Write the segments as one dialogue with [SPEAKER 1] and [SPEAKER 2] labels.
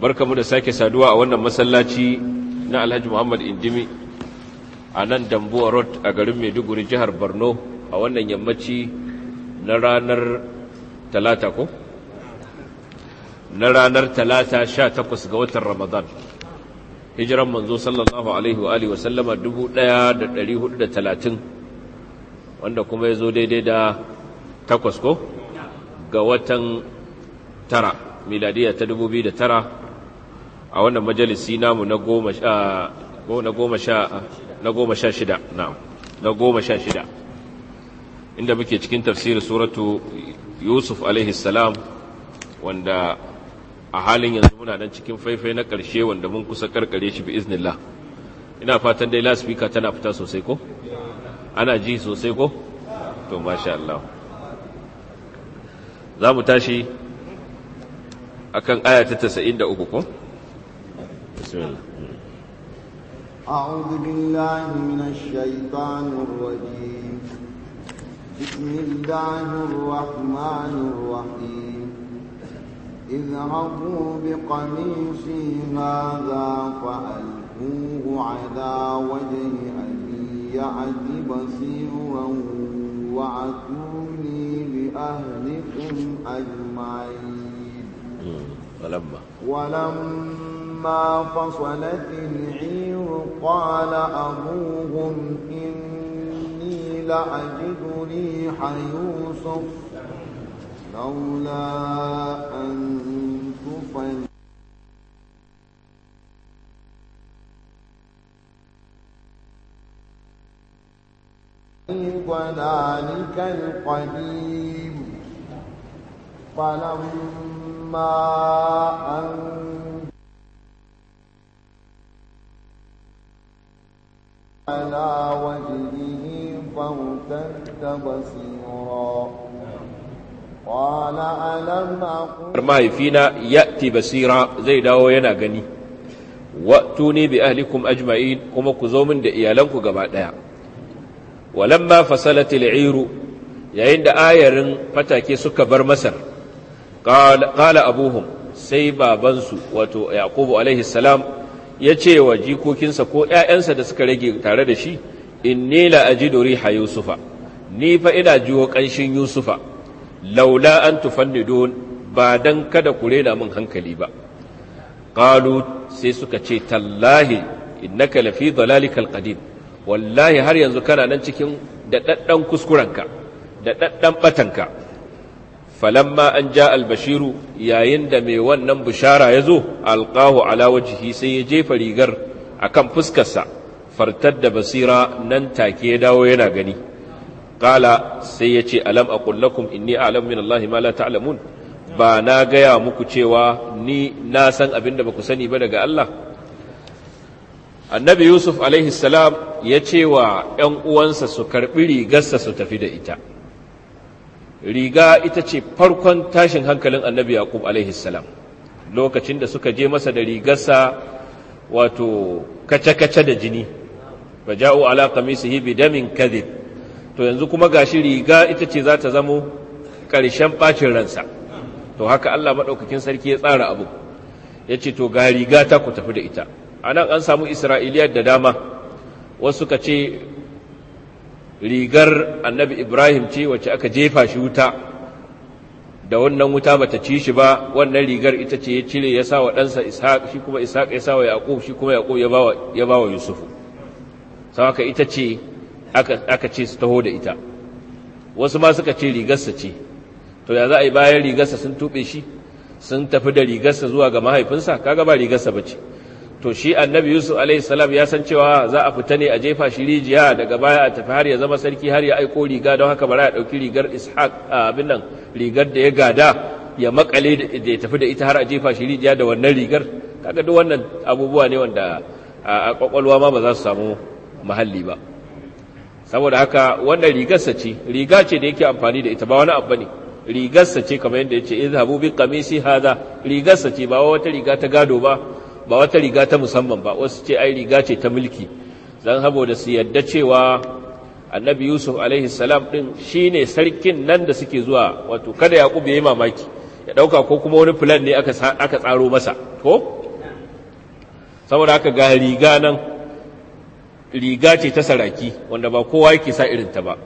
[SPEAKER 1] barkamu da sake saduwa a wannan masallaci na alhaji muhammad indimi a nan dambuwa road a garin maiduguri jihar borno a wannan yammaci na ranar talata ko? na ranar talata sha takwas ga watan ramadan hijiran manzo sallallahu alaihi wa alihi wasallama dubu ɗaya da ɗari da talatin wanda kuma ya zo daidai da takwas ko? ga watan tara miladiyya ta dubu biyu da tara a wannan majalisi namu na goma sha shida na goma sha shida inda muke cikin tafsirin suratu yusuf alaihi salam wanda a halin yanzu muna nan cikin faifai na ƙarshe wanda mun kusa karkare shi bi iznillah ina fatan dai laspika tana fita sosai ko ana ji sosai ko to masha Allah za mu tashi akan aya ta 93 ko bismillah
[SPEAKER 2] أعوذ بالله من الشيطان الرجيم بسم الله الرحمن الرحيم اذهبوا بقميصي هذا فألقوه على وجه أبي يعد بصيرا وأتوني بأهلكم أجمعين ولما ولما فلما فصلت العير قال أبوهم إني لأجد ريح يوسف لولا أن تفل وذلك القديم فلما أن على وجهه فارتد بصيرا قال ألم أقول mahaifina
[SPEAKER 1] ya'ti basira zai dawo yana gani wa'tuni bi ahlikum ajma'i, kuma ku zo min da iyalanku gaba daya walamma fasalatil iru yayin da ayarin fatake suka bar masar ƙala abuhum sai babansu wato yaqubu alaihi ya ce wa jikokinsa ko ‘ya'yansa da suka rage tare da shi in ne la'aji dori ha yusufa ni fa ina jiwo ƙanshin yusufa laula an tufanni don ba don kada ku rena min hankali ba ƙalu sai suka ce tallahi innaka lafi dalalikal qadim wallahi har yanzu kana nan cikin da ɗaɗɗan kuskurenka da ɗaɗɗan ɓatanka falamma an ja albashiru yayin da mai wannan bishara ya zo alƙahu ala wajihi sai ya jefa rigar a kan fuskarsa fartar da basira nan take ya dawo yana gani ƙala sai ya ce alam a ƙullakum inni alam min Allah ma la ta'lamun ba na gaya muku cewa ni na san abin da ba ku sani ba daga Allah annabi yusuf alaihi salam ya ce wa ‘yan uwansa su karɓi rigarsa su tafi da ita’ riga ita ce farkon tashin hankalin annabi yaqub alaihi salam lokacin da suka je masa da rigarsa wato kace-kace da jini baja'u ala qamisihi bidamin kadhib to yanzu kuma gashi riga ita ce za ta zamo ƙarshen bacin ransa to haka Allah madaukakin sarki ya tsara abu yace to ga riga ta ku tafi da ita anan an samu isra'iliyar da dama wasu ka ce rigar annabi ibrahim ce wacce aka jefa shi wuta da wannan wuta bata ci shi ba wannan rigar ita ce ya cire ya sa wa ɗansa ishaq shi kuma ishaq ya sa wa yaqub shi kuma yaqub ya ba wa yusufu sawaka ita ce aka ce su taho da ita wasu ma suka ce rigarsa ce to ya za a yi bayan rigarsa sun tuɓe shi sun tafi da rigarsa zuwa ga mahaifinsa kaga ba rigarsa ba ce to shi annabi yusuf alaihissalam ya san cewa za a fita ne a jefa shi rijiya daga baya a tafi har ya zama sarki har ya aiko riga don haka bara ya ɗauki rigar ishaq abin nan rigar da ya gada ya makale da ya tafi da ita har a jefa shi rijiya da wannan rigar kaga duk wannan abubuwa ne wanda a kwakwalwa ma ba za su samu mahalli ba saboda haka wannan rigarsa ce riga ce da yake amfani da ita ba wani abu ne rigarsa ce kamar yadda ya ce izhabu bi qamisi hadha rigarsa ce ba wata riga ta gado ba ba wata riga ta musamman ba wasu ce ai riga ce ta mulki habo da su yadda cewa annabi yusuf alaihi salam din shine sarkin nan da suke zuwa wato kada yaqub yayi mamaki ya dauka ko kuma wani plan ne aka aka tsaro masa ko saboda aka ga riga nan riga ce ta saraki wanda ba kowa yake sa irin ta ba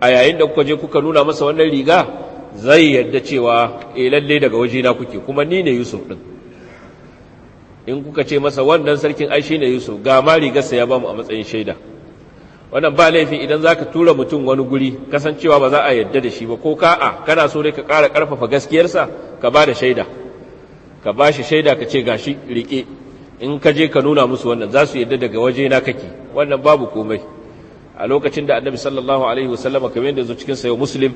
[SPEAKER 1] a yayin da kuka je kuka nuna masa wannan riga zai yadda cewa eh lalle daga waje na kuke kuma ni ne yusuf din in kuka ce masa wannan sarkin ai ne yusuf ga ma rigarsa ya bamu a matsayin shaida wannan ba laifi idan za ka tura mutum wani guri kasancewa ba za a yadda da shi ba ko ka'a kana so dai ka ƙara ƙarfafa gaskiyarsa ka ba da shaida ka ba shi shaida ka ce gashi riƙe in ka je ka nuna musu wannan za su yadda daga waje na kake wannan babu komai a lokacin da annabi sallallahu alaihi wasallama kamar yadda zo cikin sayo muslim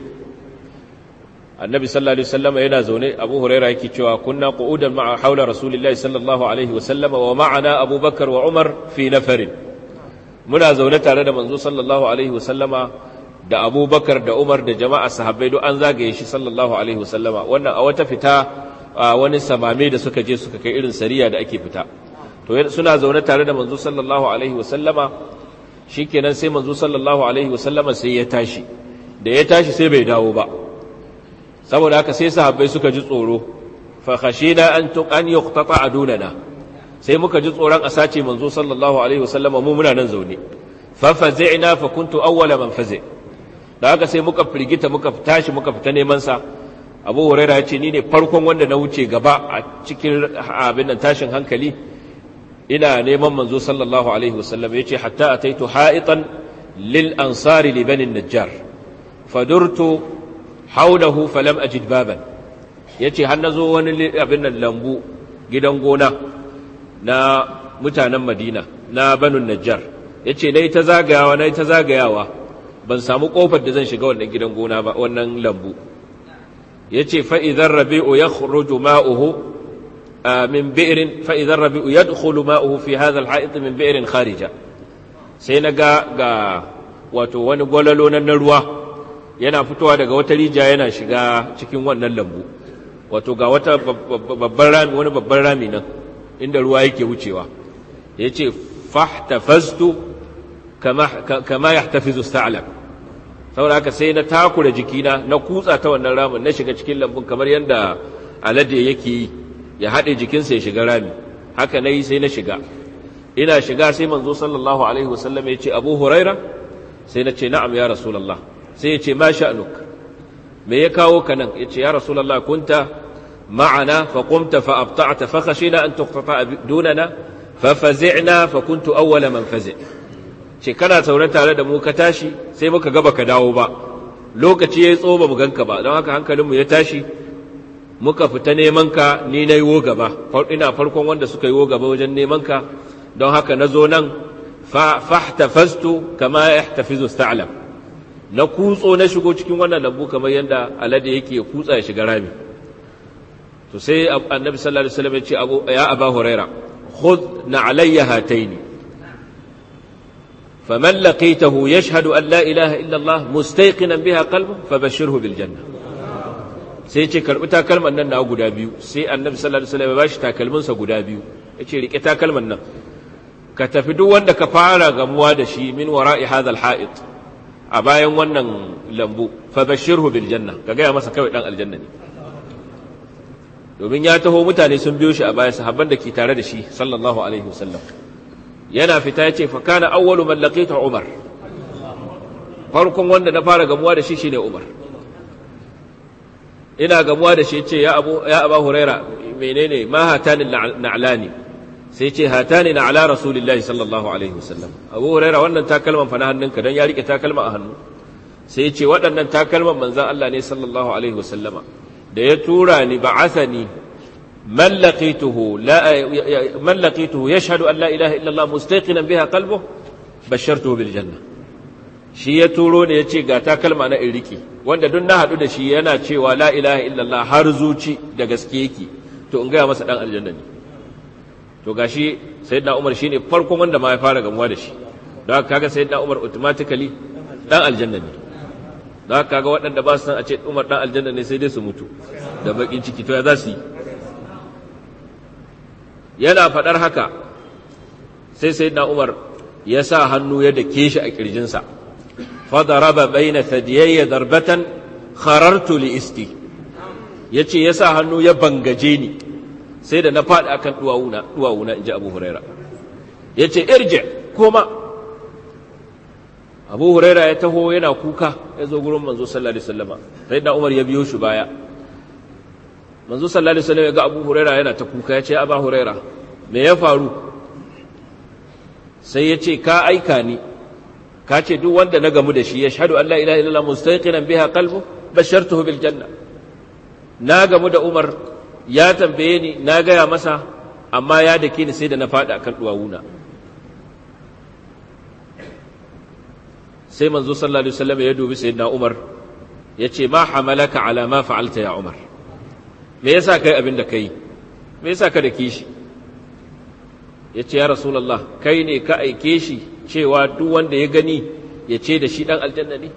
[SPEAKER 1] annabi sallallahu alaihi wasallam yana zaune abu huraira yake cewa kunna qu'udan ma'a haula rasulillahi sallallahu alaihi wasallam wa ma'ana abubakar wa umar fi nafarin muna zaune tare da manzo sallallahu alaihi wasallama da abubakar da umar da jama'a sahabbai duk an zagaye shi sallallahu alaihi wasallama wannan a wata fita a wani samame da suka je suka kai irin sariya da ake fita to suna zaune tare da manzo sallallahu alaihi wasallama shikenan sai manzo sallallahu alaihi wasallama sai ya tashi da ya tashi sai bai dawo ba saboda haka sai sahabbai suka ji tsoro fa khashina an tuqan yuqtata adunana sai muka ji tsoron a sace manzo sallallahu alaihi wasallama mu muna nan zaune fa fazi'na fa kuntu awwala man fazi da haka sai muka firgita muka tashi muka fita neman sa Abu Hurairah ni ne farkon wanda na wuce gaba a cikin abin nan tashin hankali ina neman manzo sallallahu alaihi wasallama yace hatta ataitu ha'itan lil ansari li bani najjar fadurtu haulahu falam ajid baban yace har zo wani abin nan lambu gidan gona na mutanen Madina na Banu Najjar yace yi ta zagayawa yi ta zagayawa ban samu kofar da zan shiga wannan gidan gona ba wannan lambu yace fa idhar rabi'u yakhruju ma'uhu min bi'rin fa idhar rabi'u yadkhulu ma'uhu fi hazal al min bi'rin kharija sai na ga wato wani gwalalo na ruwa yana fitowa daga wata rijiya yana shiga cikin wannan lambu wato ga wata babban rami wani babban rami nan inda ruwa yake wucewa ya ce fahtafaztu kama ya tafizu sa'alab saboda haka sai na takura jikina na kutsa ta wannan ramin na shiga cikin lambun kamar yadda alade yake yi ya haɗe jikinsa ya shiga rami haka na yi sai na shiga ina shiga sai manzo sallallahu alaihi wasallam ya ce abu huraira sai na ce na'am ya rasulallah sai ya ce ma sha'anuk me ya kawo ka nan ya ce ya rasulallah kunta ma'ana fa qumta fa abta'ta fa khashina an tuqtata dunana fa fazi'na fa kuntu awwala man fazi' ce kana saurare tare da mu ka tashi sai muka ga baka dawo ba lokaci ya tso ba mu ganka ba don haka hankalinmu ya tashi muka fita neman ka ni na yi gaba ina farkon wanda suka yi gaba wajen neman ka don haka nazo nan fa fastu kama yahtafizu sta'lam na kutso na shigo cikin wannan lambu kamar yadda alade yake kutsa ya shiga rami to sai annabi sallallahu alaihi wasallam ya ce ya aba huraira khudh na alayya hataini faman laqitahu yashhadu an la ilaha illa allah mustayqinan biha qalbu fabashirhu bil janna sai ce karbi takalman nan na guda biyu sai annabi sallallahu alaihi wasallam ya bashi takalmin sa guda biyu yace rike takalman nan ka tafi duk wanda ka fara gamuwa da shi min wara'i hadha al ha'it a bayan wannan lambu fa bashirhu bil janna ka gaya masa kawai dan aljanna ne domin ya taho mutane sun biyo shi a baya sahabban da ke tare da shi sallallahu alaihi wasallam yana fita yace fa kana awwalu man laqita umar farkon wanda na fara gamuwa da shi shine umar ina gamuwa da shi yace ya abu ya abu huraira menene ma hatanin na'lani sai ce hatani na ala rasulillahi sallallahu alaihi wasallam abu huraira wannan takalman fa na hannunka don ya rike takalma a hannu sai ce waɗannan takalman manzan Allah ne sallallahu alaihi wasallama da ya tura ni ba man ni la ya laqituhu yashhadu an la ilaha illa mustaqinan biha qalbuhu bashartuhu bil janna shi ya turo ne ce ga takalma na rike wanda duk na haɗu da shi yana cewa la ilaha illallah har zuci da gaske yake to in ga masa dan aljanna ne to gashi sayyidina umar shine farko wanda ma ya fara gamuwa da shi don haka kaga sayyidina umar automatically dan aljanna ne don haka kaga waɗanda ba su san a ce umar dan aljanna ne sai dai su mutu da bakin ciki to ya za su yi yana faɗar haka sai sayyidina umar ya sa hannu ya dake shi a kirjinsa fadaraba baina thadiyayya darbatan kharartu li isti yace ya sa hannu ya bangaje ni sai da na faɗi akan duwawuna duwawuna inji abu huraira yace irji koma abu huraira ya taho yana kuka ya zo gurin manzo sallallahu alaihi wasallama sayyidina umar ya biyo shi baya manzo sallallahu alaihi wasallam ya ga abu huraira yana ta kuka ya ce abu huraira me ya faru sai ya ce ka aika ni ka ce duk wanda na gamu da shi ya shahadu an la ilaha illallah mustaqinan biha qalbu bashartuhu bil janna na gamu da umar ya tambaye ni na gaya masa amma ya dake ni sai da na faɗi akan duwawuna sai manzo sallallahu alaihi wasallam ya dubi sayyidina Umar ya ce ma hamalaka ala ma fa'alta ya Umar me yasa kai abin da kai me yasa ka dake shi ya ce ya rasulullah kai ne ka aike shi cewa duk wanda ya gani ya ce da shi dan aljanna ne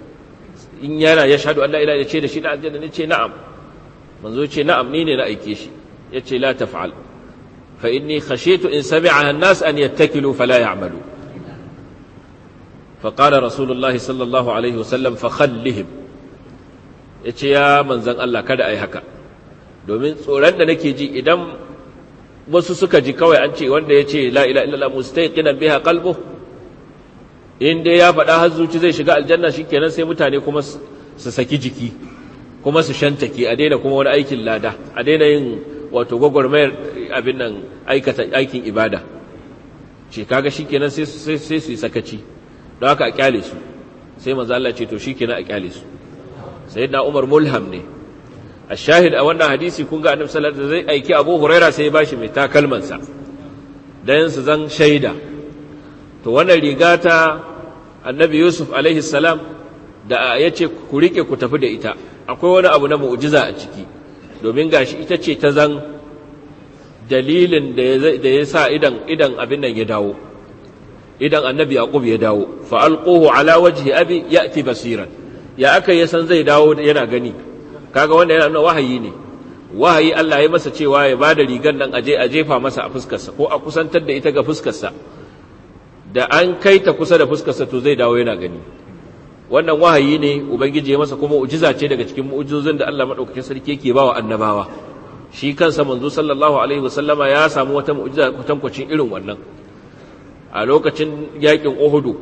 [SPEAKER 1] in yana ya shahadu Allah ila ya ce da shi dan aljanna ne ce na'am manzo ce na'am ni ne na aike shi yace la taf'al fa inni khashitu in sami'a an-nas an yattakilu fala ya'malu fa qala rasulullah sallallahu alaihi wasallam fa khallihim yace ya manzon Allah kada ai haka domin tsoron da nake ji idan wasu suka ji kawai an ce wanda ya ce la ila illallah mustaqinan biha qalbu in dai ya faɗa har zuci zai shiga aljanna shikenan sai mutane kuma su saki jiki kuma su shantake a daina kuma wani aikin lada a daina yin wato gwagwarmayar abin nan aikin ibada ce kaga shikenan sai sai su yi sakaci don haka a kyale su sai manzo Allah ce to shikenan a kyale su sayyidina Umar mulham ne a shahid a wannan hadisi kun ga annabi sallallahu alaihi wasallam zai aiki Abu Huraira sai ya bashi mai takalman sa dan su zan shaida to wannan riga ta annabi Yusuf alaihi salam da yace ku rike ku tafi da ita akwai wani abu na mu'jiza a ciki domin gashi ita ce ta zan dalilin da ya sa idan idan abin nan ya dawo idan annabi yaqub ya dawo fa alquhu ala wajhi abi ya'ti basiran ya aka ya san zai dawo yana gani kaga wanda yana nuna wahayi ne wahayi Allah ya masa cewa ya bada rigan nan aje a jefa masa a fuskarsa ko a kusantar da ita ga fuskarsa da an kai ta kusa da fuskarsa to zai dawo yana gani wannan wahayi ne ubangiji ya masa kuma ujiza ce daga cikin mu'ujizozin da Allah madaukakin sarki yake bawa annabawa shi kansa manzo sallallahu alaihi wasallama ya samu wata mu'ujiza kutankwacin irin wannan a lokacin yakin Uhud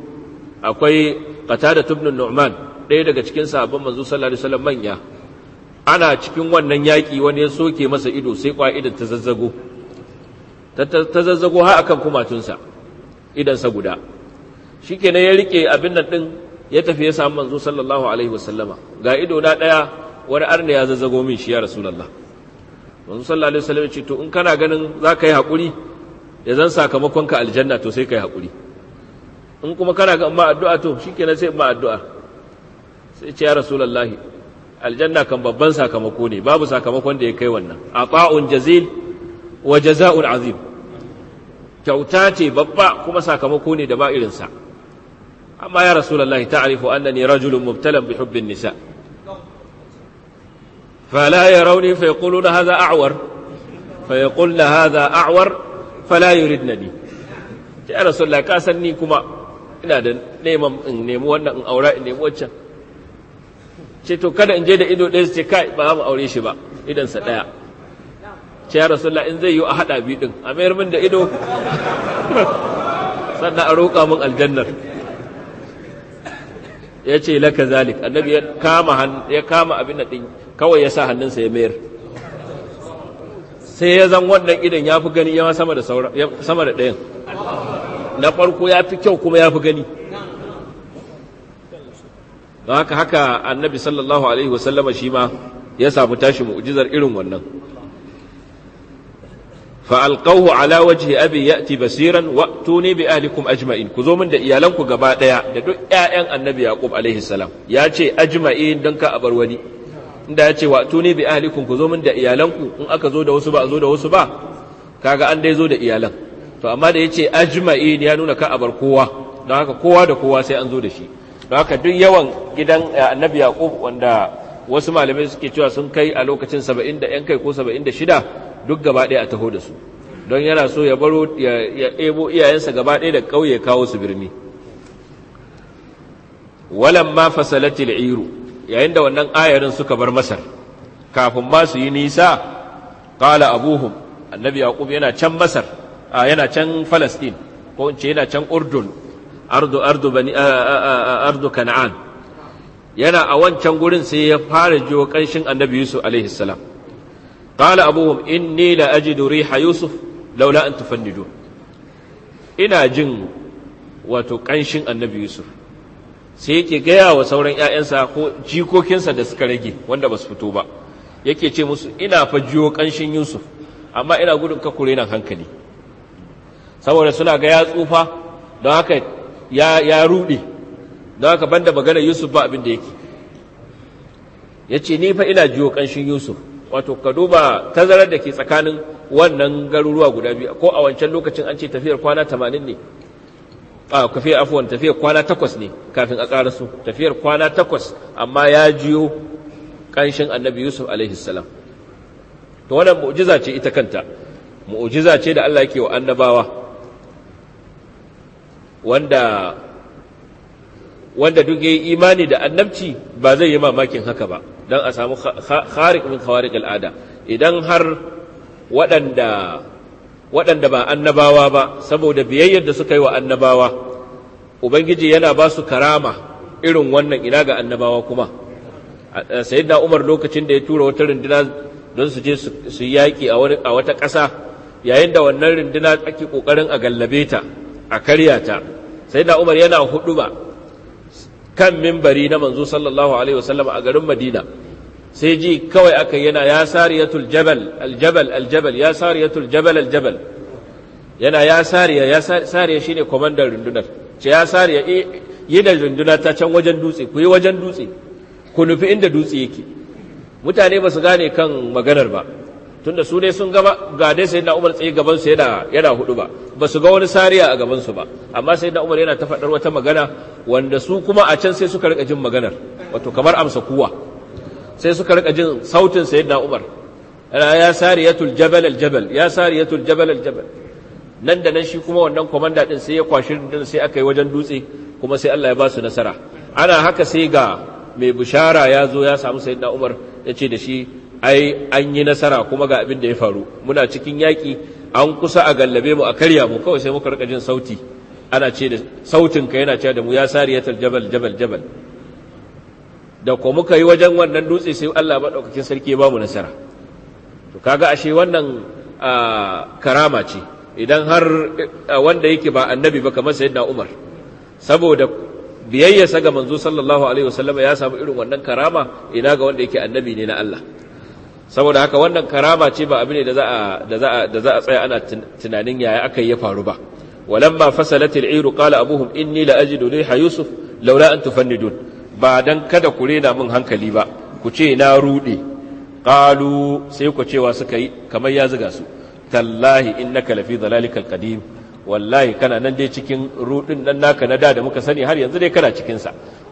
[SPEAKER 1] akwai Qatada ibn Nu'man ɗaya daga cikin sahabban manzo sallallahu alaihi wasallam manya ana cikin wannan yaki wani ya soke masa ido sai kwa idan ta zazzago ta zazzago har akan kumatunsa idan sa guda shikenan ya rike abin nan din ya tafi ya samu manzo sallallahu alaihi wasallama ga ido na daya wani arna ya zazzago min shi ya rasulullah manzo sallallahu alaihi wasallam ce to in kana ganin za ka yi hakuri ya zan sakamakon ka aljanna to sai ka yi hakuri in kuma kana ga ma addu'a to shikenan sai ma addu'a sai ce ya rasulullah aljanna kan babban sakamako ne babu sakamakon da ya kai wannan aqa'un jazil wa jaza'un azim kyauta ce babba kuma sakamako ne da ba irinsa sa amma ya rasulullahi ta'rifu annani rajulun mubtalan bi hubbin nisa فلا يروني فيقولون هذا أعور فيقولن هذا أعور فلا يردنني يا رسول الله كاسني كما ina da neman in nemi in aura in nemi kada in je da ido ɗaya su ce kai ba mu aure shi ba idansa ɗaya ce ya rasu in zai yi a haɗa biyu din a mayar min da ido sannan a roka min aljannar ya ce laka zalik annabi ya kama ya kama abin din kawai ya sa hannunsa ya mayar sai ya zan wannan idan ya fi gani sama da ɗayan na farko ya fi kyau kuma ya fi gani haka haka annabi sallallahu alaihi wasallama shi ma ya samu tashi mu'ujizar irin wannan فألقوه على وجه أبي يأتي بصيرا وأتوني بأهلكم أجمعين كذو من دي إيالانكو قبادا دو إيان النبي يعقوب عليه السلام ياتي أجمعين دنك أبروني inda ya ce wa tuni bi ahlikum ku zo min da iyalanku in aka zo da wasu ba zo da wasu ba kaga an dai zo da iyalan to amma da yace ajma'in ya nuna ka abar kowa don haka kowa da kowa sai an zo da shi don haka duk yawan gidan annabi yaqub wanda wasu malamai suke cewa sun kai a lokacin 70 da yan kai ko 76 duk gaba ɗaya a taho da su don yana so ya baro ya ɗebo iyayensa gaba ɗaya da ƙauye kawo su birni walan ma fasalati iru yayin da wannan ayarin suka bar masar kafin ma su yi nisa qala abuhum annabi yaqub yana can masar yana can palestine ko in ce yana can urdun ardu ardu bani ardu kana'an yana a wancan gurin sai ya fara jiwo kanshin annabi yusuf alaihi salam qala abuhum inni la ajidu riha yusuf laula an tufannidu ina jin wato kanshin annabi yusuf sai yake gaya wa sauran 'ya'yansa ko jikokinsa da suka rage wanda ba su fito ba yake ce musu ina fa jiyo kanshin yusuf amma ina gudun ka kure hankali saboda suna ga ya tsufa don haka ya rude don haka banda maganar yusuf ba abin da yake yace ni fa ina jiyo ƙanshin yusuf wato ka duba tazarar da ke tsakanin wannan garuruwa guda biyu ko a wancan lokacin an ce tafiyar kwana tamanin ne a kafiyar afuwan tafiyar kwana takwas ne kafin a ƙara su tafiyar kwana takwas amma ya jiyo ƙanshin annabi yusuf alaihissalam to wannan mu'jiza ce ita kanta mu'jiza ce da allah yake wa annabawa wanda wanda duk ya yi imani da annabci ba zai yi mamakin haka ba don a samu kharik min al'ada idan har waɗanda waɗanda ba annabawa ba saboda biyayyar da suka yi wa annabawa ubangiji yana ba su karama irin wannan ina ga annabawa kuma sayyidina umar lokacin da ya tura wata rindina don su je su yaƙi a wata ƙasa yayin da wannan rindina ake ƙoƙarin a gallabe ta a karya ta sayyidina umar yana huɗu ba kan mimbari na manzo sallallahu alaihi wasallam a garin madina sai ji kawai aka yana ya sariyatul jabal aljabal aljabal ya sariyatul jabal aljabal yana ya sariya ya sariya shine komandan rundunar ce ya sariya eh, yi da runduna ta can wajen dutse ku yi wajen dutse ku nufi inda dutse yake mutane ba su gane kan maganar ba tunda su ne sun gaba ga dai sayyidina Umar tsaye gaban su yana yana hudu ba ba su ga wani sariya a gaban su ba amma sayyidina Umar yana ta faɗar wata magana wanda su kuma a can sai suka rika jin maganar wato kamar amsa kuwa sai suka rika jin sautin sayyidina Umar ya sariyatul jabal aljabal ya sariyatul jabal aljabal nan da nan shi kuma wannan komanda din sai ya kwashi din sai aka yi wajen dutse kuma sai Allah ya ba su nasara ana haka sai ga mai bushara ya zo ya samu sayyidina Umar ya ce da shi ai an yi nasara kuma ga abin da ya faru muna cikin yaki an kusa a gallabe mu a karya mu kawai sai muka rika jin sauti ana ce da sautin ka yana cewa da mu ya sariyatul jabal jabal jabal da kuma muka yi wajen wannan dutse sai Allah maɗaukakin sarki ya ba mu nasara to kaga ashe wannan karama ce idan har wanda yake ba annabi ba kamar sayyidina Umar saboda biyayyarsa ga manzo sallallahu alaihi wasallam ya samu irin wannan karama ina ga wanda yake annabi ne na Allah saboda haka wannan karama ce ba abin da za a da za a da za a tsaya ana tunanin yaya aka yi ya faru ba walamma fasalat al qala abuhum inni la ajidu riha yusuf laula an tufannidun ba dan kada ku rena min hankali ba ku ce na rude qalu sai ku cewa suka yi kamar ya zuga su tallahi innaka lafi dhalalikal qadim wallahi kana nan dai cikin rudin nan naka na da da muka sani har yanzu dai kana cikin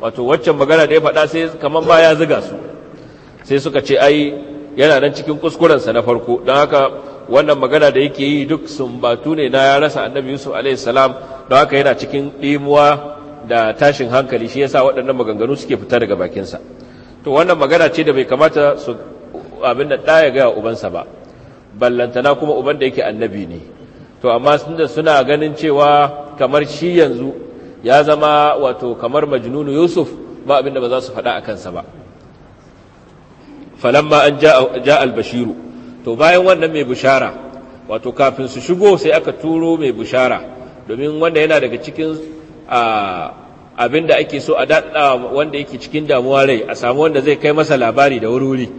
[SPEAKER 1] wato waccan magana da ya faɗa sai kamar ba ya zuga su sai suka ce ai yana nan cikin kuskurensa na farko don haka wannan magana da yake yi duk sumbatu ne na ya rasa annabi yusuf salam don haka yana cikin ɗimuwa da tashin hankali shi yasa waɗannan maganganu suke fita daga bakinsa to wannan magana ce da bai kamata su abin da ɗaya gaya ubansa ba ballantana kuma uban da yake annabi ne to amma da suna ganin cewa kamar shi yanzu ya zama wato kamar majnunu yusuf ba abin da ba za su faɗa a kansa ba falamma an ja albashiru to bayan wannan mai bushara wato kafin su shigo sai aka turo mai bushara domin wanda yana daga cikin abin da ake so a daɗa wanda yake cikin damuwa rai a samu wanda zai kai masa labari da wuri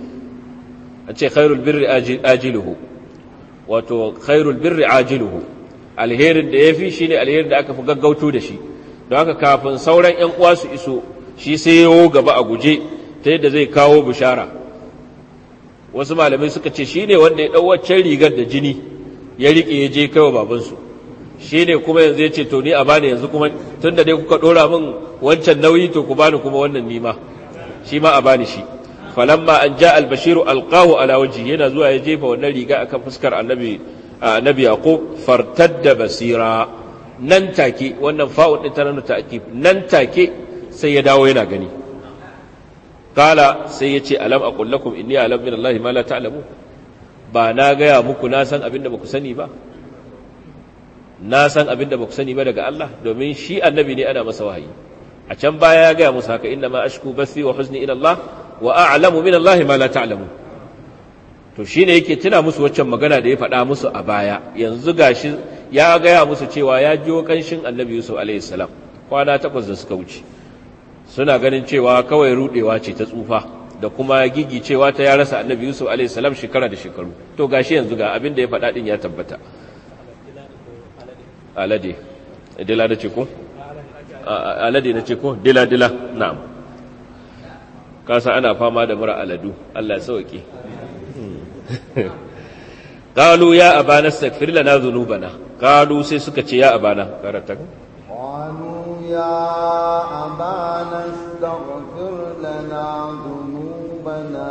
[SPEAKER 1] a ce khairul birri ajiluhu wato khairul birri ajiluhu alherin da ya fi shi ne alherin da aka fi gaggauto da shi don haka kafin sauran 'yan uwa su iso shi sai yawo gaba a guje ta yadda zai kawo bishara wasu malamai suka ce shi ne wanda ya ɗau waccan rigar da jini ya riƙe ya je wa babansu shi ne kuma yanzu ya ce to ni a bani yanzu kuma tun da dai kuka ɗora min wancan nauyi to ku bani kuma wannan nima shi ma a bani shi falamma an ja albashiru alqahu ala wajhi yana zuwa ya jefa wannan riga akan fuskar annabi annabi yaqub fartadda basira nan take wannan fa'u din tana ta'kid nan take sai ya dawo yana gani kala sai ya ce alam aqul lakum inni a'lamu min ma la ta'lamu ba na gaya muku na san abin da baku sani ba na san abin da ba ku sani ba daga Allah domin shi annabi ne ana masa wahayi a can baya ya gaya musu haka inna ma ashku basi wa huzni ila Allah wa a'lamu min Allah ma la ta'lamu to ne yake tuna musu waccan magana da ya faɗa musu a baya yanzu gashi ya gaya musu cewa ya jiwo kanshin annabi Yusuf alayhi salam kwana takwas da suka wuce suna ganin cewa kawai rudewa ce ta tsufa da kuma gigi cewa ta ya rasa annabi Yusuf alayhi salam shekara da shekaru to gashi yanzu ga abin da ya faɗa din ya tabbata alade dila da ce ko alade na ce ko dila dila na'am kasa ana fama da mura aladu Allah ya Kalu hmm. ya abana astaghfir lana dhunubana kalu sai suka ce ya abana karanta
[SPEAKER 2] kalu ya abana astaghfir lana dhunubana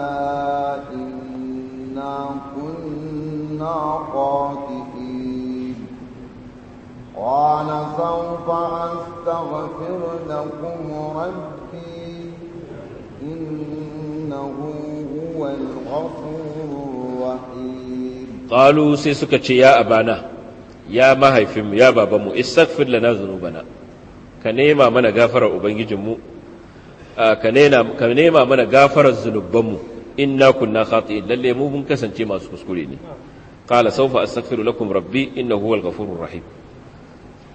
[SPEAKER 2] inna kunna qati'in قال سوف أستغفر لكم ربي إنه هو الغفور
[SPEAKER 1] الرحيم قالوا سيسك يا أبانا يا ما هيفم يا بابا مو استغفر لنا ذنوبنا كنيما من غافر أبنجمو ka nema mana gafarar zunubanmu na kunna khati'in lalle mu mun kasance masu kuskure ne saufa a astaghfiru lakum rabbi innahu huwal ghafurur rahim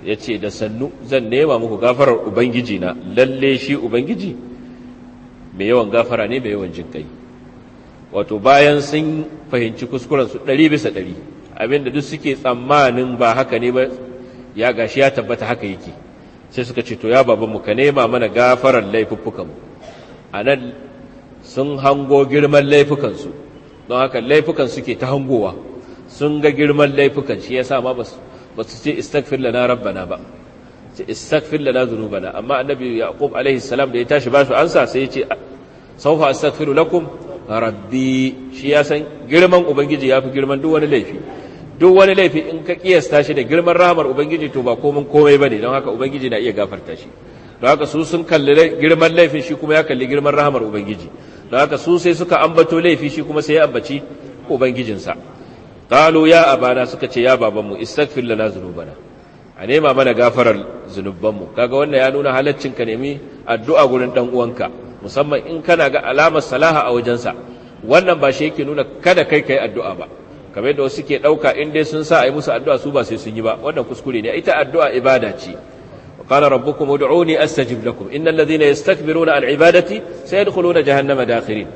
[SPEAKER 1] ya ce da sannu zan nema muku gafarar ubangiji na lalle shi ubangiji mai yawan gafara ne mai yawan jinkai wato bayan sun fahimci kuskurensu ɗari bisa ɗari abinda duk suke tsammanin ba haka ne ba ya gashi ya tabbata haka yake sai suka ce to ya babanmu ka nema mana gafarar laifuffukanmu a nan sun hango girman laifukansu don haka laifukan suke ta hangowa sun ga girman laifukan shi ya sa ma ba su ba su ce istagfir lana rabbana ba ce istagfir lana zunubana amma annabi yaqub alaihi salam da ya tashi ba su ansa sai ya ce sawfa astaghfiru lakum rabbi shi ya san girman ubangiji yafi girman duk wani laifi duk wani laifi in ka kiyasta shi da girman rahmar ubangiji to ba komai komai bane don haka ubangiji na iya gafarta shi don haka su sun kalli girman laifin shi kuma ya kalli girman rahmar ubangiji don haka su sai suka ambato laifi shi kuma sai ya ambaci ubangijinsa qalu ya abana suka ce ya babanmu istaghfir lana zunubana a nema mana gafarar zunubanmu kaga wannan ya nuna halaccin ka nemi addu'a gurin dan uwanka musamman in kana ga alamar salaha a wajensa wannan ba shi yake nuna kada kai kai addu'a ba kamar yadda wasu ke ɗauka in dai sun sa yi musu addu'a su ba sai sun yi ba wannan kuskure ne ita addu'a ibada ce قال ربكم ادعوني استجب لكم ان الذين يستكبرون عن عبادتي سيدخلون jahannama داخرين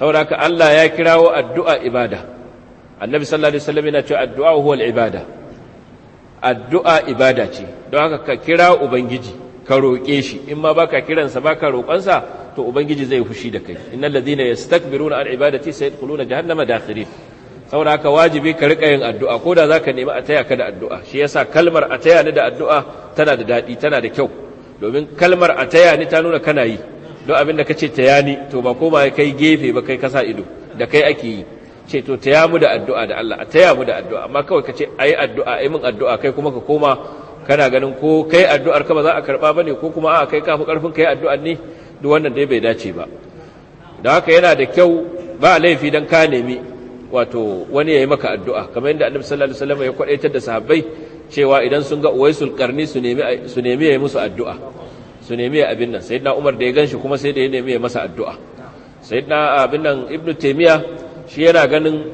[SPEAKER 1] saboda الله Allah ya kirawo addu'a ibada annabi sallallahu alaihi wasallam yana cewa addu'a huwa al-ibada addu'a ibada ce don haka ka kira ubangiji ka roƙe shi in ma baka kiransa baka roƙonsa to ubangiji zai fushi da kai innal ladina yastakbiruna an ibadati sayadkhuluna jahannama dakhirin saboda haka wajibi ka rika yin addu'a ko da zaka nemi a taya ka da addu'a shi yasa kalmar a taya ni da addu'a tana da daɗi tana da kyau domin kalmar a taya ni ta nuna kana yi don abin da kace tayani ni to ba koma kai gefe ba kai kasa ido da kai ake yi ce to ta yamu da addu'a da Allah ta yamu da addu'a amma kawai ka ce ai addu'a ai min addu'a kai kuma ka koma kana ganin ko kai addu'ar ka ba za a karɓa ba ne ko kuma a kai kafin karfin kai addu'ar ne duk wannan dai bai dace ba da haka yana da kyau ba laifi don ka nemi wato wani ya yi maka addu'a kamar yadda Annabi sallallahu alaihi wasallam ya kwaɗaitar da sahabbai cewa idan sun ga Uwaisul Qarni su nemi su nemi musu addu'a su nemi ya abin nan sayyidina Umar da ya gan ganshi kuma sai da ya nemi ya masa addu'a sayyidina abin nan ibnu shi yana ganin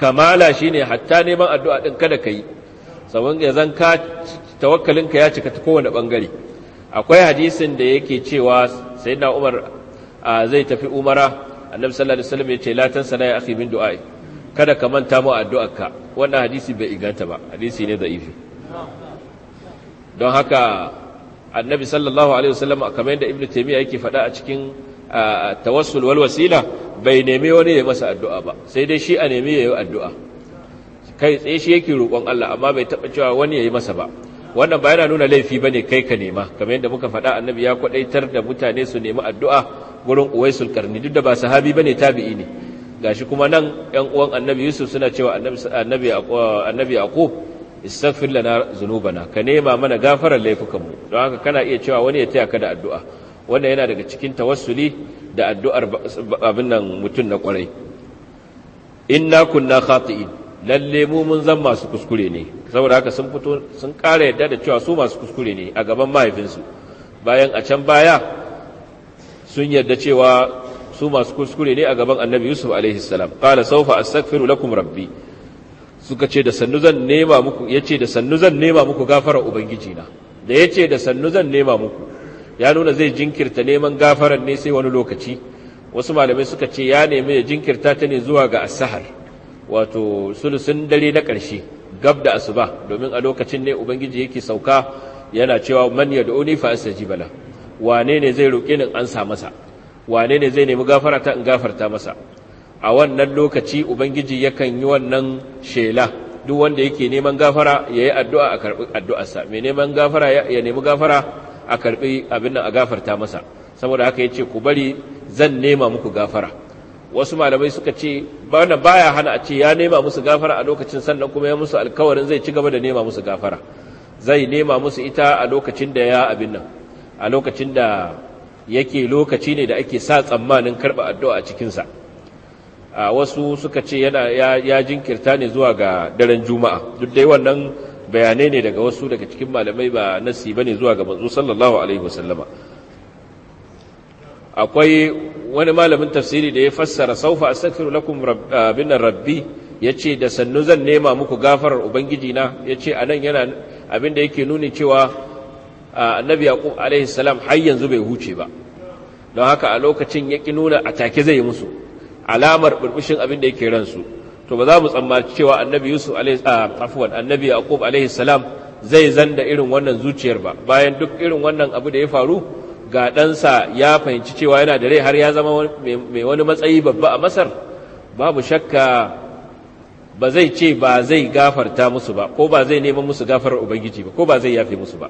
[SPEAKER 1] kamala shi ne, hatta neman addu'a din kada ka yi saban ya zan ka tawakkalinka ya cika ta kowane ɓangare. akwai hadisin da yake cewa na Umar zai tafi umara annabi sallallahu alaihi wasallam yace la tansana ya akhi min du'ai kada ka manta mu addu'arka wannan hadisi bai iganta ba hadisi ne za'ifi. don haka annabi sallallahu alaihi wasallam kamar yadda ibnu taymiya yake faɗa a cikin tawassul wal wasila bai nemi wani ya masa addu'a ba sai dai shi a nemi ya yi addu'a kai tsaye shi yake roƙon Allah amma bai taɓa cewa wani ya yi masa ba wannan ba na nuna laifi ba ne kai ka nema kamar yadda muka faɗa annabi ya kwaɗaitar da mutane su nemi addu'a gurin uwaisul karni duk da ba sahabi ba ne tabi'i ne ga shi kuma nan ‘yan uwan annabi yusuf suna cewa annabi yaƙub istaghfir lana zunubana ka nema mana gafarar laifukanmu don haka kana iya cewa wani ya taya ka da addu'a wanda yana daga cikin tawassuli da addu'ar abin nan mutum na kwarai inna kunna khati'in lalle mu mun zan masu kuskure ne saboda haka sun fito sun ƙara yadda da cewa su masu kuskure ne a gaban mahaifinsu bayan a can baya sun yadda cewa su masu kuskure ne a gaban annabi yusuf alaihi salam qala sawfa astaghfiru lakum rabbi suka ce da sannu zan nema muku yace da sannu zan nema muku gafara ubangiji na da yace da sannu zan nema muku ya nuna zai jinkirta neman gafaran ne sai wani lokaci wasu malamai suka ce ya nemi ya jinkirta ta ne zuwa ga asahar wato sulusun dare na ƙarshe gab da asuba domin a lokacin ne ubangiji yake sauka yana cewa man da'uni fa ji bala wane ne zai roƙe ni an sa masa wane ne zai nemi gafara ta in gafarta masa a wannan lokaci ubangiji yakan yi wannan shela duk wanda yake neman gafara ya yi addu'a a karɓi addu'arsa mai neman gafara ya nemi gafara a karbi abin nan a gafarta masa saboda haka ya ce ku bari zan nema muku gafara wasu malamai suka ce bana baya hana a ce ya nema musu gafara a lokacin sannan kuma ya musu alkawarin zai ci gaba da nema musu gafara zai nema musu ita a lokacin da ya abin nan a lokacin da yake lokaci ne da ake sa tsammanin karba addu'a a cikin sa a wasu suka ce yana ya, jinkirta ne zuwa ga daren juma'a duk dai wannan bayanai ne daga wasu daga cikin malamai ba nasi ne zuwa ga manzo sallallahu alaihi wasallama akwai wani malamin tafsiri da ya fassara saufa astaghfiru lakum rabbina ah, rabbi yace da sannu zan nema muku gafarar ubangiji na yace nan yana abin abinda yake nuni cewa ah, annabi yaqub alaihi salam har yanzu bai huce ba don haka a lokacin yaki nuna a take zai yi musu alamar burbushin abinda yake ransu to ba za mu tsammaci cewa annabi yusuf ah, afuwan annabi yaqub alaihi salam zai zanda irin wannan zuciyar ba bayan duk irin wannan abu da ya faru ga ɗansa ya fahimci cewa yana da rai har ya zama mai wani matsayi babba a masar babu shakka ba zai ce ba zai gafarta musu ba ko ba zai neman musu gafar ubangiji ba ko ba zai yafe musu ba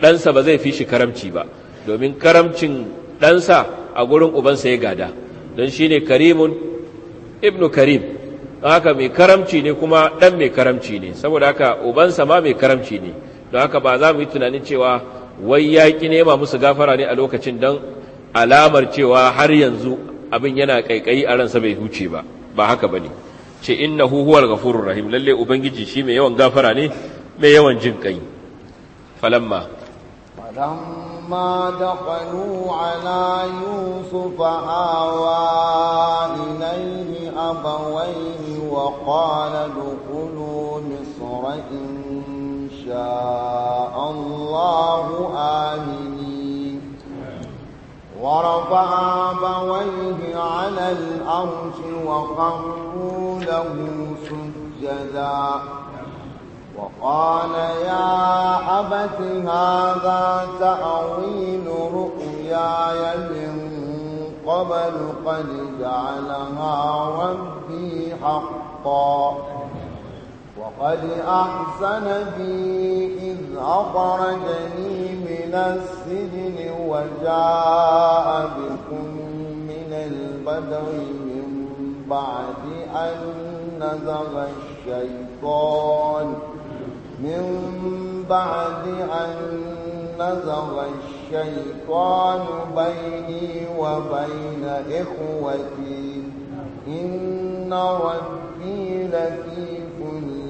[SPEAKER 1] ɗansa ba zai fi shi karamci ba domin karamcin ɗansa a gurin ubansa ya gada don shi ne karimun ibnu karim don haka mai karamci ne kuma ɗan mai karamci ne saboda haka ubansa ma mai karamci ne don haka ba za mu yi tunanin cewa wai yaƙi ne nema musu gafara ne a lokacin don alamar cewa har yanzu abin yana ƙaiƙayi a ransa bai huce ba ba haka ba ne ce inna huhuwar gafurur rahim lalle ubangiji shi mai yawan gafara ne mai yawan jin ƙai falamma
[SPEAKER 2] da kwanu ala yusufa awa إليه abawai وقال ادخلوا مصر إن شاء الله آمنين ورفع أبويه على الأرش وقروا له سجدا وقال يا أبت هذا تأويل رؤياي من قبل قد جعلها ربي حقا وقد أحسن بي إذ أخرجني من السجن وجاء بكم من البدو من بعد أن نزغ الشيطان من بعد أن نزغ الشيطان بيني وبين إخوتي إن ربي لطيف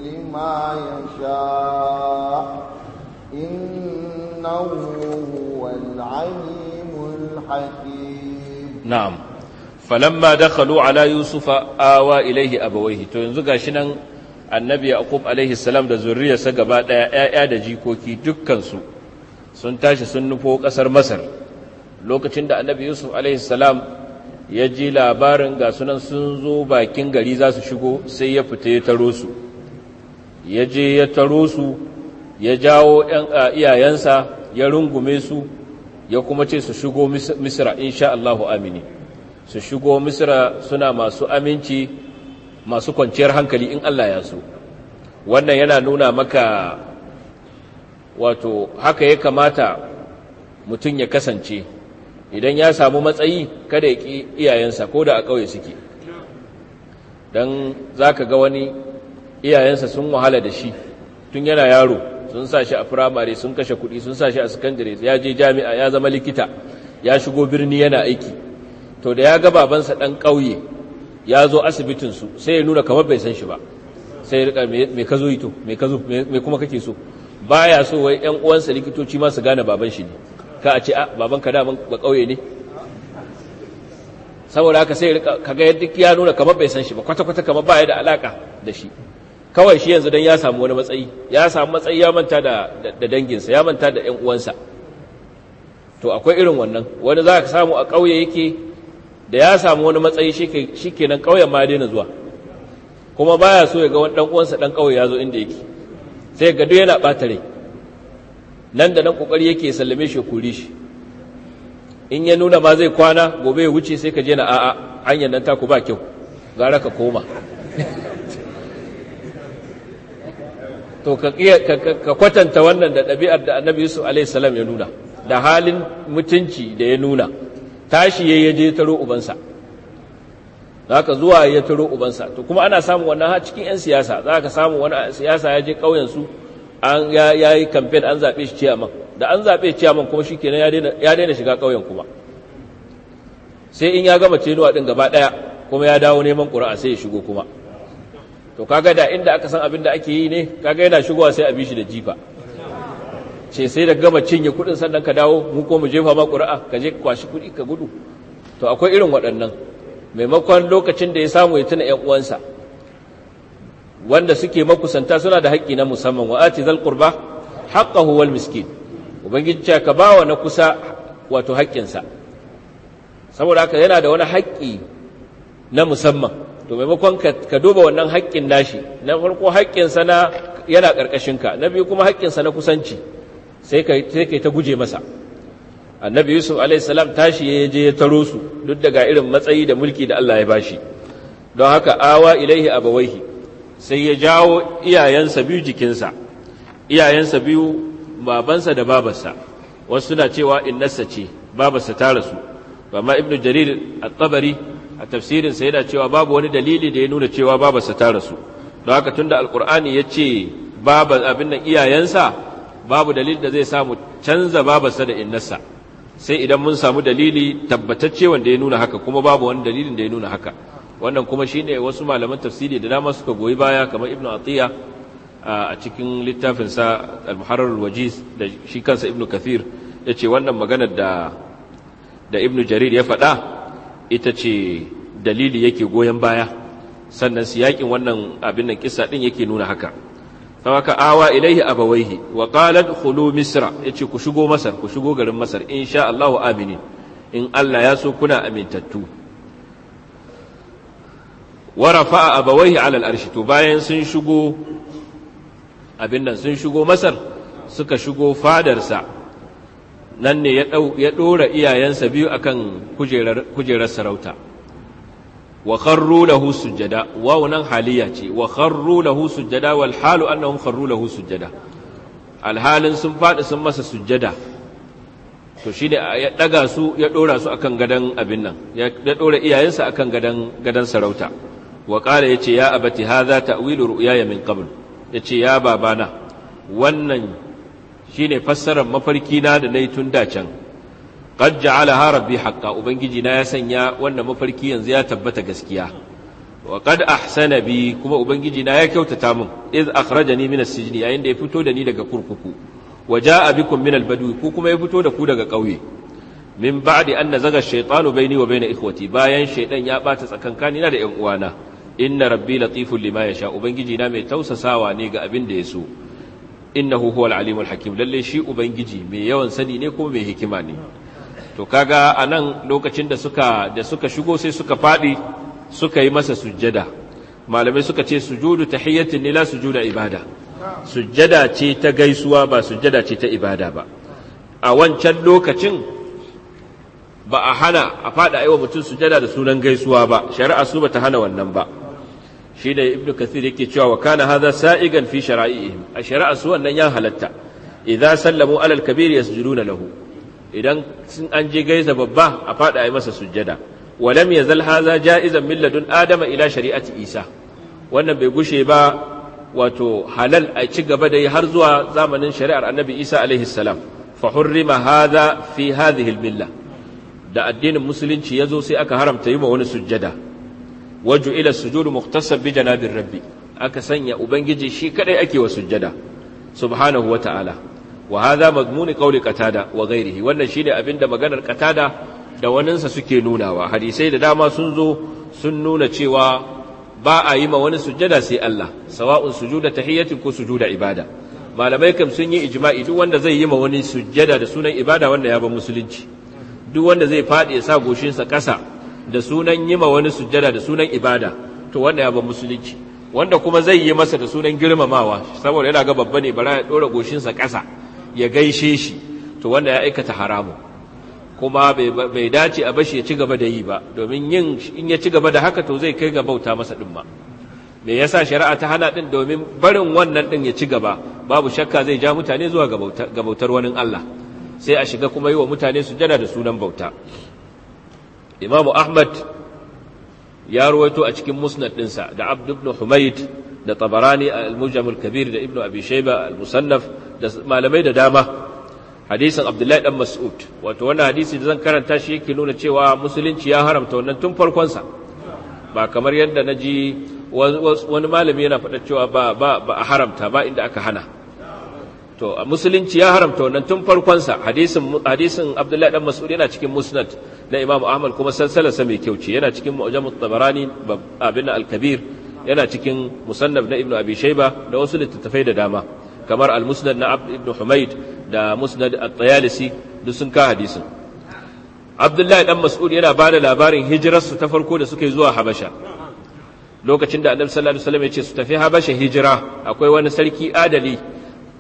[SPEAKER 2] لما يشاء إنه هو العليم الحكيم
[SPEAKER 1] نعم فلما دخلوا على يوسف آوى إليه أبويه تنزق شنن annabi yaqub alaihi salam da zurriyarsa gaba daya ƴaƴa da jikoki dukkan su sun tashi sun nufo ƙasar masar lokacin da annabi yusuf alaihissalam ya ji labarin ga sunan sun zo bakin gari za su shigo sai ya fita ya taro su ya je ya taro su ya jawo 'yan iyayensa ya rungume su ya kuma ce su shigo misra insha Allahu amini su shigo misra suna masu aminci masu kwanciyar hankali in Allah ya so wannan yana nuna maka wato haka ya kamata mutum ya kasance idan ya samu matsayi kada ya ki iyayensa ko da a ƙauye suke don za ka ga wani iyayensa sun wahala da shi tun yana yaro sun sa shi a firamare sun kashe kuɗi sun sa shi a sakandare ya je jami'a ya zama likita ya shigo birni yana aiki to da ya ga babansa ɗan ƙauye ya zo asibitinsu sai ya nuna kamar bai san shi ba sai ya riƙa mai ka zo yi to mai kuma kake so baya so wai ƴan uwansa likitoci ma su gane baban shi ne ka a ce a ah, baban ka daman ba ƙauye ne saboda haka sai ka ga yadda ya nuna kamar bai san shi ba kwata-kwata kamar baya da alaka da shi kawai shi yanzu don ya samu wani matsayi ya samu matsayi ya manta da danginsa ya manta da ƴan uwansa to akwai irin wannan wani za ka samu a ƙauye yake da ya samu wani matsayi shi kenan ƙauyen ma daina zuwa kuma baya so ya ga wani ɗan uwansa ɗan ƙauye ya zo inda yake sai gado yana ɓata rai nan da nan ƙoƙari yake sallame shi kuri shi in ya nuna ma zai kwana gobe ya wuce sai ka je na a'a hanyar nan taku ba kyau gara ka koma to ka kwatanta wannan da ɗabi'ar da annabi yusuf alaihissalam ya nuna da halin mutunci da ya nuna tashi ya je taro ubansa za ka zuwa ya turo ubansa to kuma ana samun wannan ha cikin 'yan siyasa za ka samu wani siyasa ya je ƙauyensu an ya yi kamfen an zaɓe shi ciyaman da an zaɓe ciyaman kuma shi kenan ya daina shiga ƙauyen kuma sai in ya gama cenuwa din gaba ɗaya kuma ya dawo neman ƙura'a sai ya shigo kuma to kaga da inda aka san abin da ake yi ne kaga yana shigowa sai a bi shi da jifa ce sai da gama cinye kuɗin sannan ka dawo mu ko mu jefa ma ƙura'a ka je kwashi kuɗi ka gudu to akwai irin waɗannan maimakon lokacin da ya samu ya tuna 'yan uwansa wanda suke makusanta suna da haƙƙi na musamman wa ati zal qurba haqqahu wal miskin ubangiji ce ka bawa na kusa wato haƙƙinsa saboda haka yana da wani haƙƙi na musamman to maimakon ka duba wannan haƙƙin nashi na farko haƙƙinsa na yana ƙarƙashinka na biyu kuma haƙƙinsa na kusanci sai ka ta guje masa annabi yusuf alaihissalam tashi ya je ya taro su duk daga irin matsayi da mulki da allah ya bashi don haka awa ilaihi a abawaihi sai ya jawo iyayensa biyu jikinsa iyayensa biyu babansa da babarsa wasu suna cewa innarsa ce babarsa ta rasu amma ibnu jarir a tabari a tafsirinsa yana cewa babu wani dalili da ya nuna cewa babarsa ta rasu don haka tunda alkur'ani ya ce babar abin nan iyayensa babu dalil da zai samu canza babarsa da innarsa sai idan mun samu dalili tabbatacce wanda ya nuna haka kuma babu wani dalilin da ya nuna haka wannan kuma shi ne wasu malaman tafsiri da dama suka goyi baya kamar ibnu atiya a cikin littafin sa al-muharrar da shi kansa ibnu kathir ce wannan maganar da da ibnu jarir ya faɗa ita ce dalili yake goyon baya sannan siyakin wannan abin nan kissa din yake nuna haka sawaka awa ilaihi a wa qala dkhulu misra yace ku shigo masar ku shigo garin masar insha Allahu aminin in Allah ya so kuna amintattu wa rafa'a abawaihi ala al-arshi to bayan sun abin nan sun shigo masar suka shigo fadarsa nan ne ya ɗora iyayensa biyu akan kujerar sarauta wa kharru lahu sujada wawu nan haliya ce wa kharru lahu sujada wal halu annahum kharru lahu sujada alhalin sun fadi sun masa sujada to shine ya daga su ya dora su akan gadan abin nan ya dora iyayensa akan gadan gadan sarauta wa qala yace ya abati hadha ta'wilu ru'yaya min qabl yace ya babana wannan shine fassarar mafarki na da nayi tun da can qad ja'alaha rabbi haqqan ubangiji na ya sanya wannan mafarki yanzu ya tabbata gaskiya wa qad bi kuma ubangiji na ya kyautata min iz akraja min as-sijni yayin da ya fito da ni daga kurkuku wa a bikum min al ku kuma ya fito da ku daga ƙauye min ba'di an nazaga ash-shaytanu bayni wa bayna ikhwati bayan shaytan ya bata tsakankani na da ƴan uwana inna rabbi latiful lima ya sha ubangiji na mai tausasawa ne ga abin da ya so Inna huwal alimul hakim lalle shi ubangiji mai yawan sani ne ko mai hikima ne to kaga a nan lokacin da suka da suka shigo sai suka faɗi suka yi masa sujjada malamai suka ce sujudu tahiyyatin ne sujuda ibada sujjada ce ta gaisuwa ba sujjada ce ta ibada ba a wancan lokacin ba a hana a faɗa aiwa mutum sujjada da sunan gaisuwa ba shari'a su ba ta hana wannan ba shi da ibnu kathir yake cewa wa kana hadha sa'igan fi shara'ihim a shari'a su wannan ya halatta idza sallamu alal kabir yasjuduna lahu idan sun an je gaisa babba a faɗa a yi masa sujjada walam zal haza ja'izan min ladun adama ila shari'ati isa wannan bai gushe ba wato halal a ci gaba da yi har zuwa zamanin shari'ar annabi isa alaihi salam fa hurrima hadha fi hadhihi al-milla da addinin musulunci yazo sai aka haramta yi ma wani sujjada waju ila sujudu muhtasab bi janabir rabbi aka sanya ubangiji shi kadai ake wa sujjada subhanahu wa ta'ala wa hadha mazmun qawli qatada wa ghayrihi wannan shine abinda maganar qatada da waninsa suke nunawa hadisai da dama sun zo sun nuna cewa ba a yi ma wani sujjada sai Allah sawa'un sujuda tahiyyatin ko sujuda ibada malamai kam sun yi ijma'i duk wanda zai yi ma wani sujjada da sunan ibada wanda ya ba musulunci duk wanda zai faɗi ya sa goshinsa ƙasa da sunan yi ma wani sujjada da sunan ibada to wanda ya ba musulunci wanda kuma zai yi masa da sunan girmamawa saboda yana ga babba ne bara ya ɗora goshinsa kasa ya gaishe shi to wanda ya aikata haramu. kuma bai dace a bashi ya ci gaba da yi ba domin yin in ya ci gaba da haka to zai kai ga bauta masa din ma me yasa shari'a ta hana din domin barin wannan din ya ci gaba babu shakka zai ja mutane zuwa ga bautar wani Allah sai a shiga kuma yi wa mutane sujada da sunan bauta Imam ahmad ya ruwaito a cikin musnad dinsa da abd ibn humayd da tabarani a al kabir da ibnu abi shayba al-musannaf da malamai da dama hadisin abdullahi dan mas'ud wato wannan hadisi da zan karanta shi yake nuna cewa musulunci ya haramta wannan tun farkon sa ba kamar yadda naji wani malami yana faɗa cewa ba ba ba haramta ba inda aka hana to a musulunci ya haramta wannan tun farkon sa hadisin hadisin abdullahi dan mas'ud yana cikin musnad na imam ahmad kuma sa mai kyau yana cikin mu'jamut tabarani abin al-kabir yana cikin musannaf na ibnu abi shayba da wasu littattafai da dama kamar al-musnad na abd ibn humayd da musnad at-tayalisi duk sun ka hadisin abdullahi dan mas'ud yana ba da labarin hijirarsu ta farko da suka yi zuwa habasha lokacin da annabi sallallahu alaihi wasallam ya ce su tafi habasha hijira akwai wani sarki adali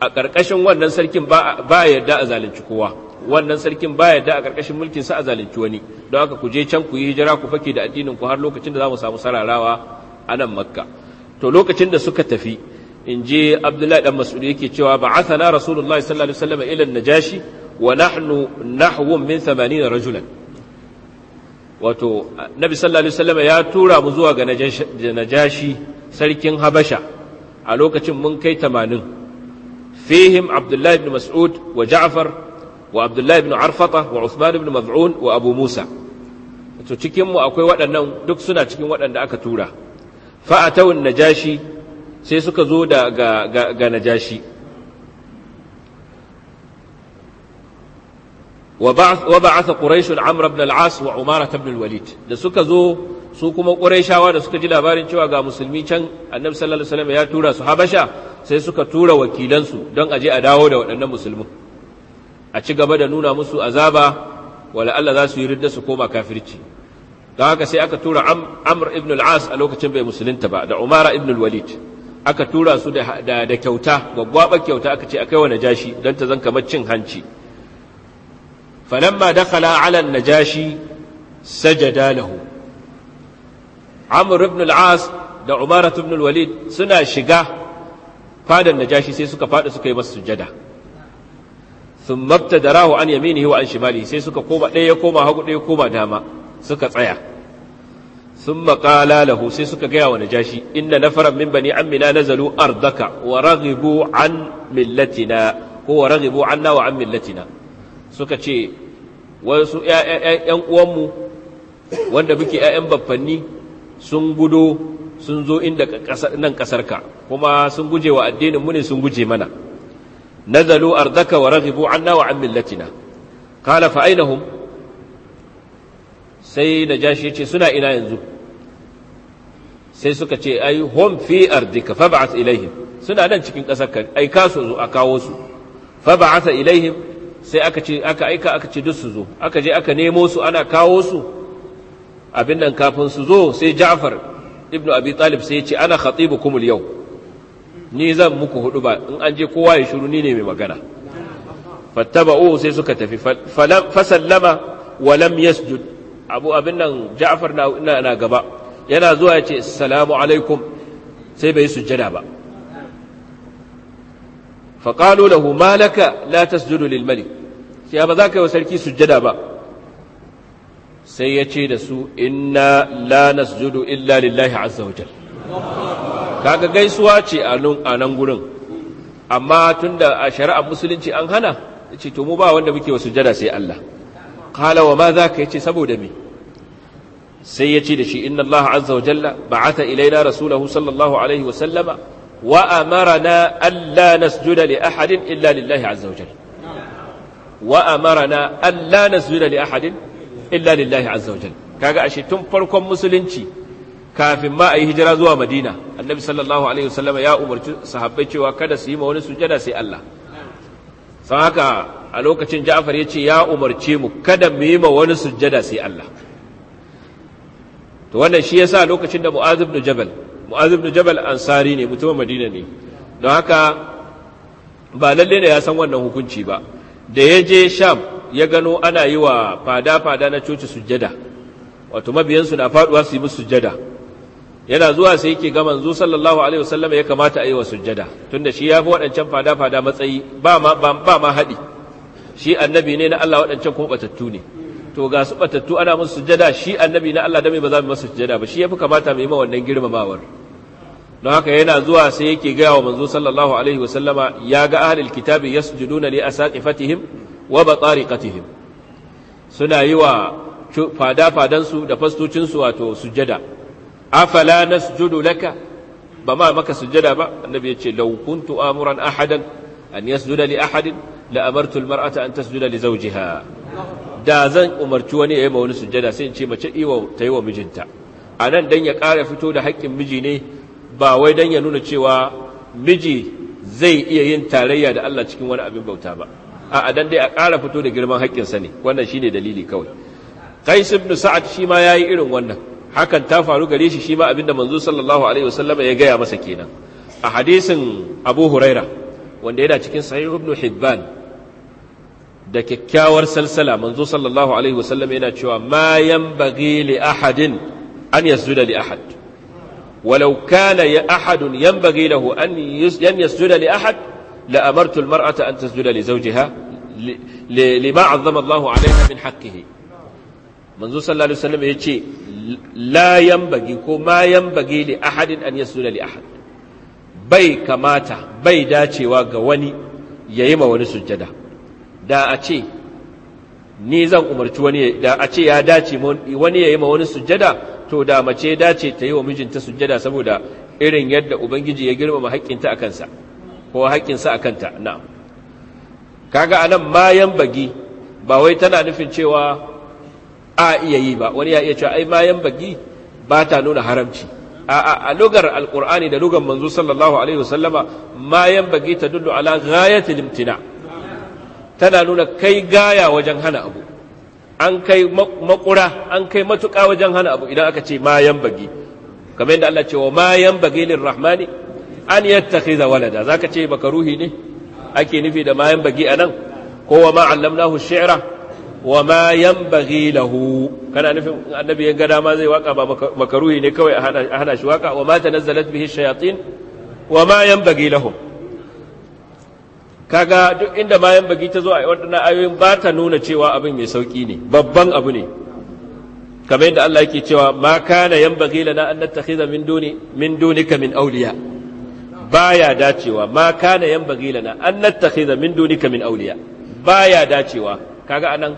[SPEAKER 1] a ƙarƙashin wannan sarkin ba ya yarda a zalunci kowa wannan sarkin ba ya yarda a ƙarƙashin mulkin sa a zalunci wani don haka ku je can ku yi hijira ku fake da addinin ku har lokacin da za mu samu sararawa anan makka to lokacin da suka tafi in je abdullahi dan mas'ud yake cewa na rasulullahi sallallahu alaihi wasallam ila najashi wa nahnu nahwun min 80 rajulan wato nabi sallallahu alaihi wasallam ya tura mu zuwa ga najashi sarkin habasha a lokacin mun kai 80 fihim abdullahi ibn mas'ud wa ja'far wa abdullahi ibn arfata wa uthman ibn maz'un wa abu musa to cikin mu akwai waɗannan duk suna cikin waɗanda aka tura fa'atawun najashi sai suka zo da ga, ga, ga najashi wa ba'asa quraish amr wa umara walid da suka zo su kuma ƙuraishawa da suka ji labarin cewa ga musulmi can annabi sallallahu alaihi wasallam ya tura su habasha sai suka tura wakilansu don aje a dawo da waɗannan musulmin a ci gaba da nuna musu azaba wala Allah za su yi ridda su koma kafirci don haka sai aka tura amr ibn al-as a lokacin bai musulunta ba da umara ibn al-walid aka tura su da kyauta gwaggwabar kyauta aka ce akai wa najashi don ta zan kamar cin hanci falamma dakhala ala najashi sajada lahu amr ibn al-as da umara ibn al-walid suna shiga fadan najashi sai suka fada suka yi masa sujada sun mabta an yaminihi wa an shimali sai suka koma ɗaya ya koma hagu ɗaya koma dama suka tsaya sun maƙala lahu sai suka gaya wa najashi na nafaran min bani amina na zalu ardaka wa raghibu an millatina ko wa raghibu anna wa an millatina suka ce wasu ƴan uwanmu wanda muke yayan baffanni sun gudo sun zo inda nan ƙasarka kuma sun guje wa addinin mu ne sun guje mana na nazalu ardaka wa raghibu anna wa an millatina kala fa ainahum sai da jashi ce suna ina yanzu sai suka ce ai hum fi ardika fab'ath ilaihim suna nan cikin ƙasar ka ai ka su zo a kawo su fab'atha ilaihim sai aka ce aka aika aka ce duk su zo aka je aka nemo su ana kawo su abin nan kafin su zo sai Ja'far ibnu Abi Talib sai ya ce ana khatibukum al-yau ni zan muku hudu ba in an je kowa ya shiru ni ne mai magana fattaba'u sai suka tafi fasallama wa lam yasjud abu abin nan ja'far na gaba yana zuwa ya ce assalamu alaikum sai bai sujjada ba faƙalu lahu malaka la tasjudu lil malik sai ba za ka yi wa sarki sujjada ba sai ya ce da su inna la nasjudu illa lillahi azza wajal kaga gaisuwa ce a nan gurin amma tunda a shari'ar musulunci an hana ce to mu ba wanda muke wa sujjada sai Allah qala wa ma zaka yace saboda me sai yace da shi inna Allah jalla ba'atha ilaina rasulahu sallallahu alaihi wa sallama wa amarna alla nasjuda li ahadin illa lillahi azza wa jalla wa amarna alla kaga ashe tun farkon musulunci kafin ma a yi hijira zuwa madina annabi sallallahu alaihi wasallam ya umarci sahabbai cewa kada su yi ma wani sujada sai Allah san haka a lokacin Ja'far ya ce ya umarce mu kada mu yi ma wani sujjada sai Allah to wannan shi yasa lokacin da Mu'adh ibn Jabal Mu'adh ibn Jabal ansari ne mutumin Madina ne don haka ba lalle ne ya san wannan hukunci ba da ya je Sham ya gano ana yi wa fada-fada na coci sujjada wato mabiyansu na faduwa su yi musu sujjada yana zuwa sai yake ga manzo sallallahu alaihi wasallam ya kamata a yi wa sujjada tunda shi ya fi waɗancan fada-fada matsayi ba ma ba ma haɗi shi annabi ne na Allah waɗancan kuma batattu ne to ga su batattu ana musu sujada shi annabi na Allah dame ba za mu masa sujada ba shi yafi kamata mu yi ma wannan girmamawar don haka yana zuwa sai yake gaya wa manzo sallallahu alaihi wa sallama ya ga ahlul kitabi yasjuduna li asaqifatihim wa batariqatihim suna yi wa fada fadan su da fastocin su wato sujada afala nasjudu laka ba ma maka sujada ba annabi ya ce law kuntu amuran ahadan an yasjuda li ahadin la'amartu almar'ata an tasjuda li zawjiha da zan umarci wani yayi ma wani sujjada sai in ce mace iwa ta yi wa mijinta anan dan ya ƙara fito da haƙƙin miji ne ba wai dan ya nuna cewa miji zai iya yin tarayya da Allah cikin wani abin bauta ba a dan dai a ƙara fito da girman sa ne wannan shine dalili kawai qais ibn sa'ad shi ma yayi irin wannan hakan ta faru gare shi shi ma abinda manzo sallallahu alaihi wasallam ya gaya masa kenan a hadisin abu huraira wanda yana cikin sahih ibn hibban da kyakkyawar salsala manzo sallallahu alaihi wasallam yana cewa ma yanbaghi li ahadin an yasjuda li ahad walau kana ya ahadun yanbaghi lahu an yasjuda li ahad la amartu al mar'ata an tasjuda li zawjiha lima 'azzama Allahu 'alayha min haqqihi manzo sallallahu alaihi wasallam yace la yanbaghi ko ma yanbaghi li ahadin an yasjuda li ahad bai kamata bai dacewa ga wani ya yi ma wani sujjada da a ce ni zan umarci wani da a ce ya dace wani ya yi ma wani sujjada to da mace ya dace ta yi wa mijinta sujjada saboda irin yadda ubangiji ya girmama haƙƙinta a kansa ko haƙƙinsa a kanta na'am kaga anan mayan bagi ba wai tana nufin cewa a iya yi ba wani ya iya cewa ai mayan bagi ba ta nuna haramci a lugar alkur'ani da lugar manzo sallallahu alaihi wasallama ma ta tadullu ala ghayati limtina tana nuna kai gaya wajen hana abu an kai makura an kai matuƙa wajen hana abu idan aka ce ma yanbaghi kamar yadda Allah ce wa ma yanbaghi lirrahmani an yattakhidha walada zaka ce baka ruhi ne ake nufi da ma bage anan ko wa ma allamnahu shi'ra wa ma bagi lahu kana nufin annabi ya ga dama zai waka ba makaruhi ne kawai a hana shi waka wa ma tanazzalat bihi shayatin wa ma yan bagi lahu. kaga duk inda ma yanbaghi ta zo a wadannan ayoyin ba ta nuna cewa abin mai sauki ne babban abu ne kamar yadda Allah yake cewa ma kana bagi lana an nattakhidha min duni min dunika min awliya baya dacewa ma kana bagi lana an nattakhidha min dunika min awliya baya dacewa kaga anan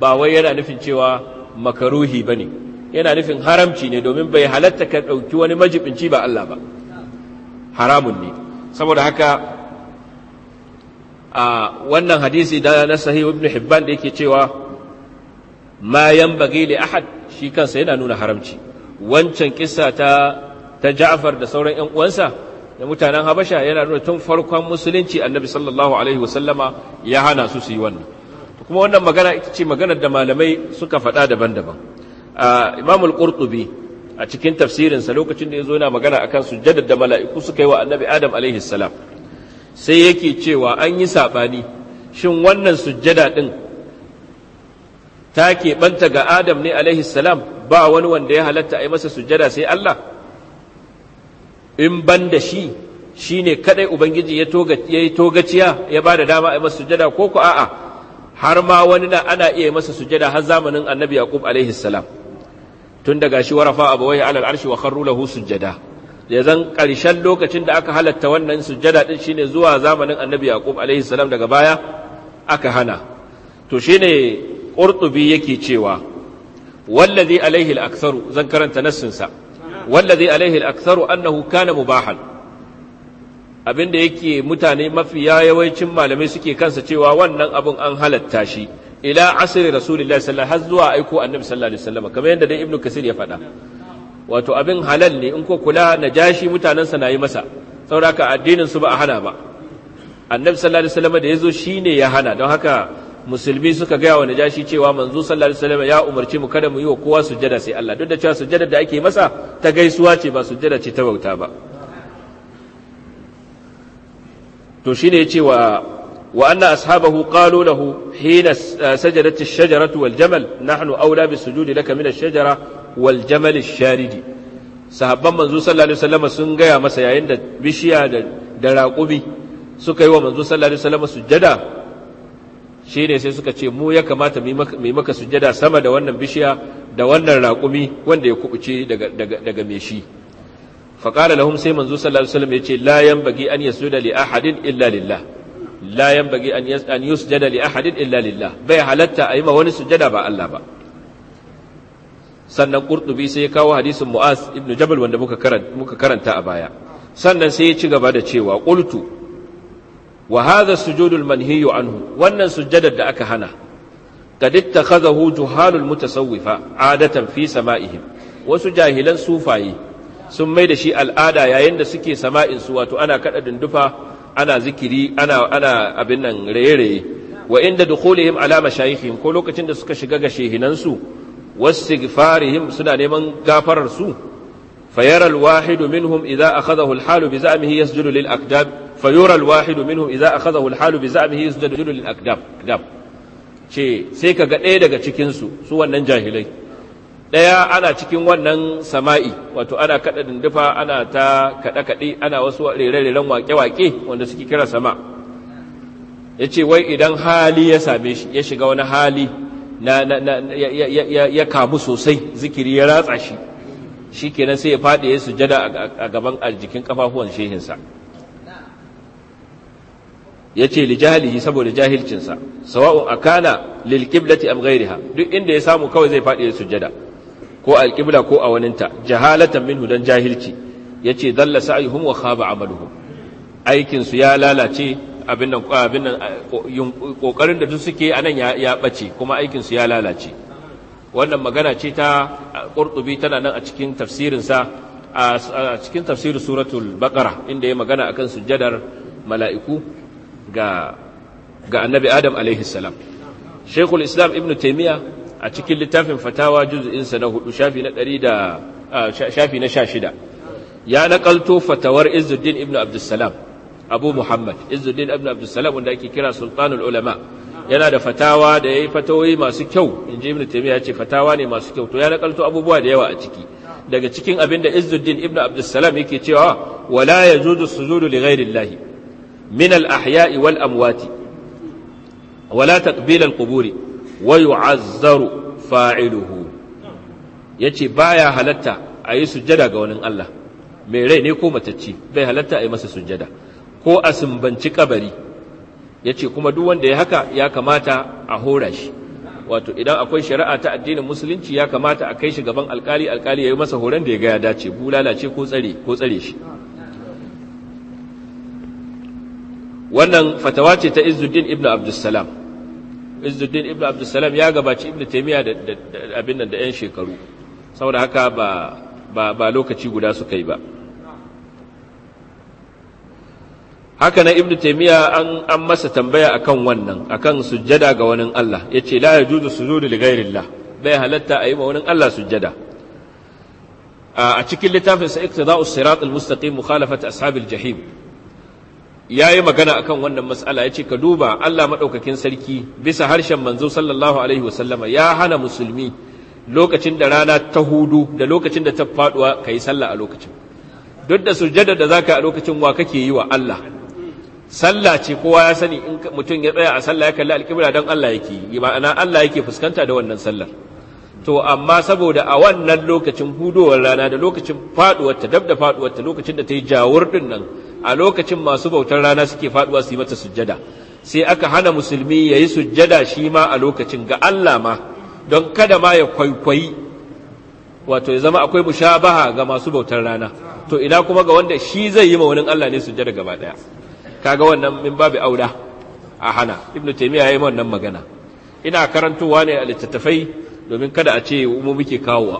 [SPEAKER 1] ba wai yana nufin cewa makaruhi ba ne yana nufin haramci ne domin bai halatta ka ɗauki wani majibinci ba Allah ba haramun ne saboda haka a wannan hadisi da na sahih ibn hibban da yake cewa ma yanbaghi li ahad shi kansa yana nuna haramci wancan kissa ta ta Ja'far da sauran ƴan uwansa da mutanen Habasha yana nuna tun farkon musulunci Annabi sallallahu alaihi wasallama ya hana su su yi wannan kuma wannan magana ita ce maganar da malamai suka faɗa daban-daban imam al-qurtubi a cikin tafsirinsa lokacin da ya zo yana magana akan sujjadar da mala'iku suka yi wa annabi adam alaihi salam sai yake cewa an yi saɓani shin wannan sujjada ɗin ta keɓanta ga adam ne alaihi salam ba wani wanda ya halatta a yi masa sujjada sai Allah in ban da shi shi ne kaɗai ubangiji ya yi togaciya ya ba da dama a yi masa sujjada ko ku a'a har ma wani na ana iya masa sujada har zamanin annabi yaqub alaihi salam tun daga shi warafa abawai alal arshi wa kharru lahu sujada ya zan karshen lokacin da aka halatta wannan sujada din shine zuwa zamanin annabi yaqub alaihi salam daga baya aka hana to shine qurtubi yake cewa wallazi alaihi al-aktharu zan karanta nassin sa wallazi alaihi al-aktharu annahu kana mubahan abinda yake mutane mafi yawancin malamai suke kansa cewa wannan abin an halatta shi ila asiri rasulullahi sallallahu alaihi har zuwa aiko annabi sallallahu alaihi wasallam kamar yadda dai ibnu kasir ya faɗa wato abin halal ne in ko kula na jashi mutanensa na masa sauraka addinin su ba a hana ba annabi sallallahu alaihi wasallam da yazo shine ya hana don haka musulmi suka gaya wa najashi cewa manzo sallallahu alaihi wasallam ya umarci mu kada mu yi wa kowa sujada sai Allah duk da cewa sujjada da ake masa ta gaisuwa ce ba sujada ce ta bauta ba to shine yace wa wa anna ashabahu qalu lahu hina sajadat ash-shajaratu wal jamal nahnu awla bis sujudi laka min ash-shajara wal jamal ash-sharidi sahabban manzo sallallahu alaihi wasallam sun gaya masa yayin da bishiya da da raƙumi suka yi wa manzo sallallahu alaihi wasallam sujjada shine sai suka ce mu ya kamata mu yi maka sujada sama da wannan bishiya da wannan raƙumi wanda ya kubuce daga daga daga me shi faƙala lahum sai manzo sallallahu alaihi wasallam yace la yanbaghi an yasjuda li ahadin illa lillah la yanbaghi an an yusjada li ahadin illa lillah bai halatta a yi ma wani sujada ba Allah ba sannan qurtubi sai ya kawo hadisin mu'az ibn jabal wanda muka karanta muka karanta a baya sannan sai ya ci gaba da cewa qultu wa hadha sujudul manhiyu anhu wannan sujadar da aka hana قد اتخذه جهال المتصوفة عادة في wasu jahilan صوفائي sun mai da shi al'ada yayin da suke sama'in su wato ana kada dundufa ana zikiri ana ana abin nan raye-raye wa inda dukhulihim ala mashayikhihim ko lokacin da suka shiga ga shehinan su wastighfarihim suna neman gafarar su fayara alwahid minhum idza akhadahu alhalu bi za'mihi yasjudu lil aqdam fayara alwahid minhum idza akhadahu alhalu bi za'mihi yasjudu lil aqdam ce sai kaga ɗaya daga cikin su su wannan jahilai daya ana cikin wannan sama'i wato ana kada dindufa ana ta kaɗe-kaɗe ana wasu rere-reren waƙe-waƙe wanda suke kira sama ya ce wai idan hali ya same shi ya shiga wani hali na, ya, kamu sosai zikiri ya ratsa shi shi kenan sai ya faɗi ya sujada a gaban jikin kafafuwan shehinsa ya ce lijahilihi saboda jahilcinsa sawa'un akana lilqiblati am ghayriha duk inda ya samu kawai zai faɗi ya sujada ko alƙibla ko a waninta jahalatan minhu dan jahilci ce dalla sa'ihum wa khaba amaluhum aikin su ya lalace abin nan abin nan kokarin da duk suke anan ya ya bace kuma aikin su ya lalace wannan magana ce ta qurtubi tana nan a cikin tafsirin sa a cikin tafsirin suratul baqara inda ya magana akan sujjadar mala'iku ga ga annabi adam alaihi salam shaykhul islam ibnu taymiya a cikin littafin fatawa juz'insa na hudu shafi na ɗari da shafi na sha shida ya naƙalto fatawar izuddin ibn abdussalam abu muhammad izuddin ibn abdussalam wanda ake kira sultanul ulama yana da fatawa da ya yi fatawoyi masu kyau in ji ibn taimiyya ce fatawa ne masu kyau to ya naƙalto abubuwa da yawa a ciki daga cikin abin da izuddin ibn abdussalam yake cewa wala ya su sujudu li ghairillahi min al ahya'i wal amwati wala taqbil al quburi wa yu'azzaru fa'iluhu yace baya halatta a yi sujjada ga wani Allah mai rai ne ko matacci bai halatta a yi masa sujjada ko a sumbanci kabari yace kuma duk wanda ya haka ya kamata a hora shi wato idan akwai shari'a ta addinin musulunci ya kamata a kai shi gaban alkali alkali ya yi masa horon da ya ga ya dace bulalace ko tsare ko tsare shi wannan fatawa ce ta Izzuddin ibn Abdussalam izuddin ibn abdussalam ya gabaci ibn taimiyya da abin nan da 'yan shekaru saboda haka ba lokaci guda su kai ba haka na ibn taimiyya an masa tambaya akan wannan akan sujjada ga wani Allah ya ce la ya juzu sujudu li ghairillah bai halatta a yi ma wani Allah sujjada a cikin littafin sa iqtida'us siratal mustaqim mukhalafat ashabil jahim ya yi magana akan wannan matsala ya ce ka duba Allah maɗaukakin sarki bisa harshen manzo sallallahu alaihi wasallama ya hana musulmi lokacin da rana ta hudu da lokacin da ta faɗuwa ka yi sallah a lokacin duk da sujjada da zaka a lokacin wa kake yi wa Allah sallah ce kowa ya sani in mutum ya tsaya a sallah ya kalli alƙibla don Allah yake yi ma'ana Allah yake fuskanta da wannan sallar to amma saboda a wannan lokacin hudowar rana da lokacin faduwar ta dab da faduwar ta lokacin da ta yi jawur din nan a lokacin masu bautar rana suke faduwa su yi mata sujjada sai aka hana musulmi ya yi sujjada shi ma a lokacin ga Allah ma don kada ma ya kwaikwayi wato ya zama akwai mushabaha ga masu bautar rana to ina kuma ga wanda shi zai yi maunin Allah ne sujjada gaba daya kaga wannan min babu auda a hana ibnu taymiya yi wannan magana ina karantowa ne a littattafai domin kada a ce mu muke kawowa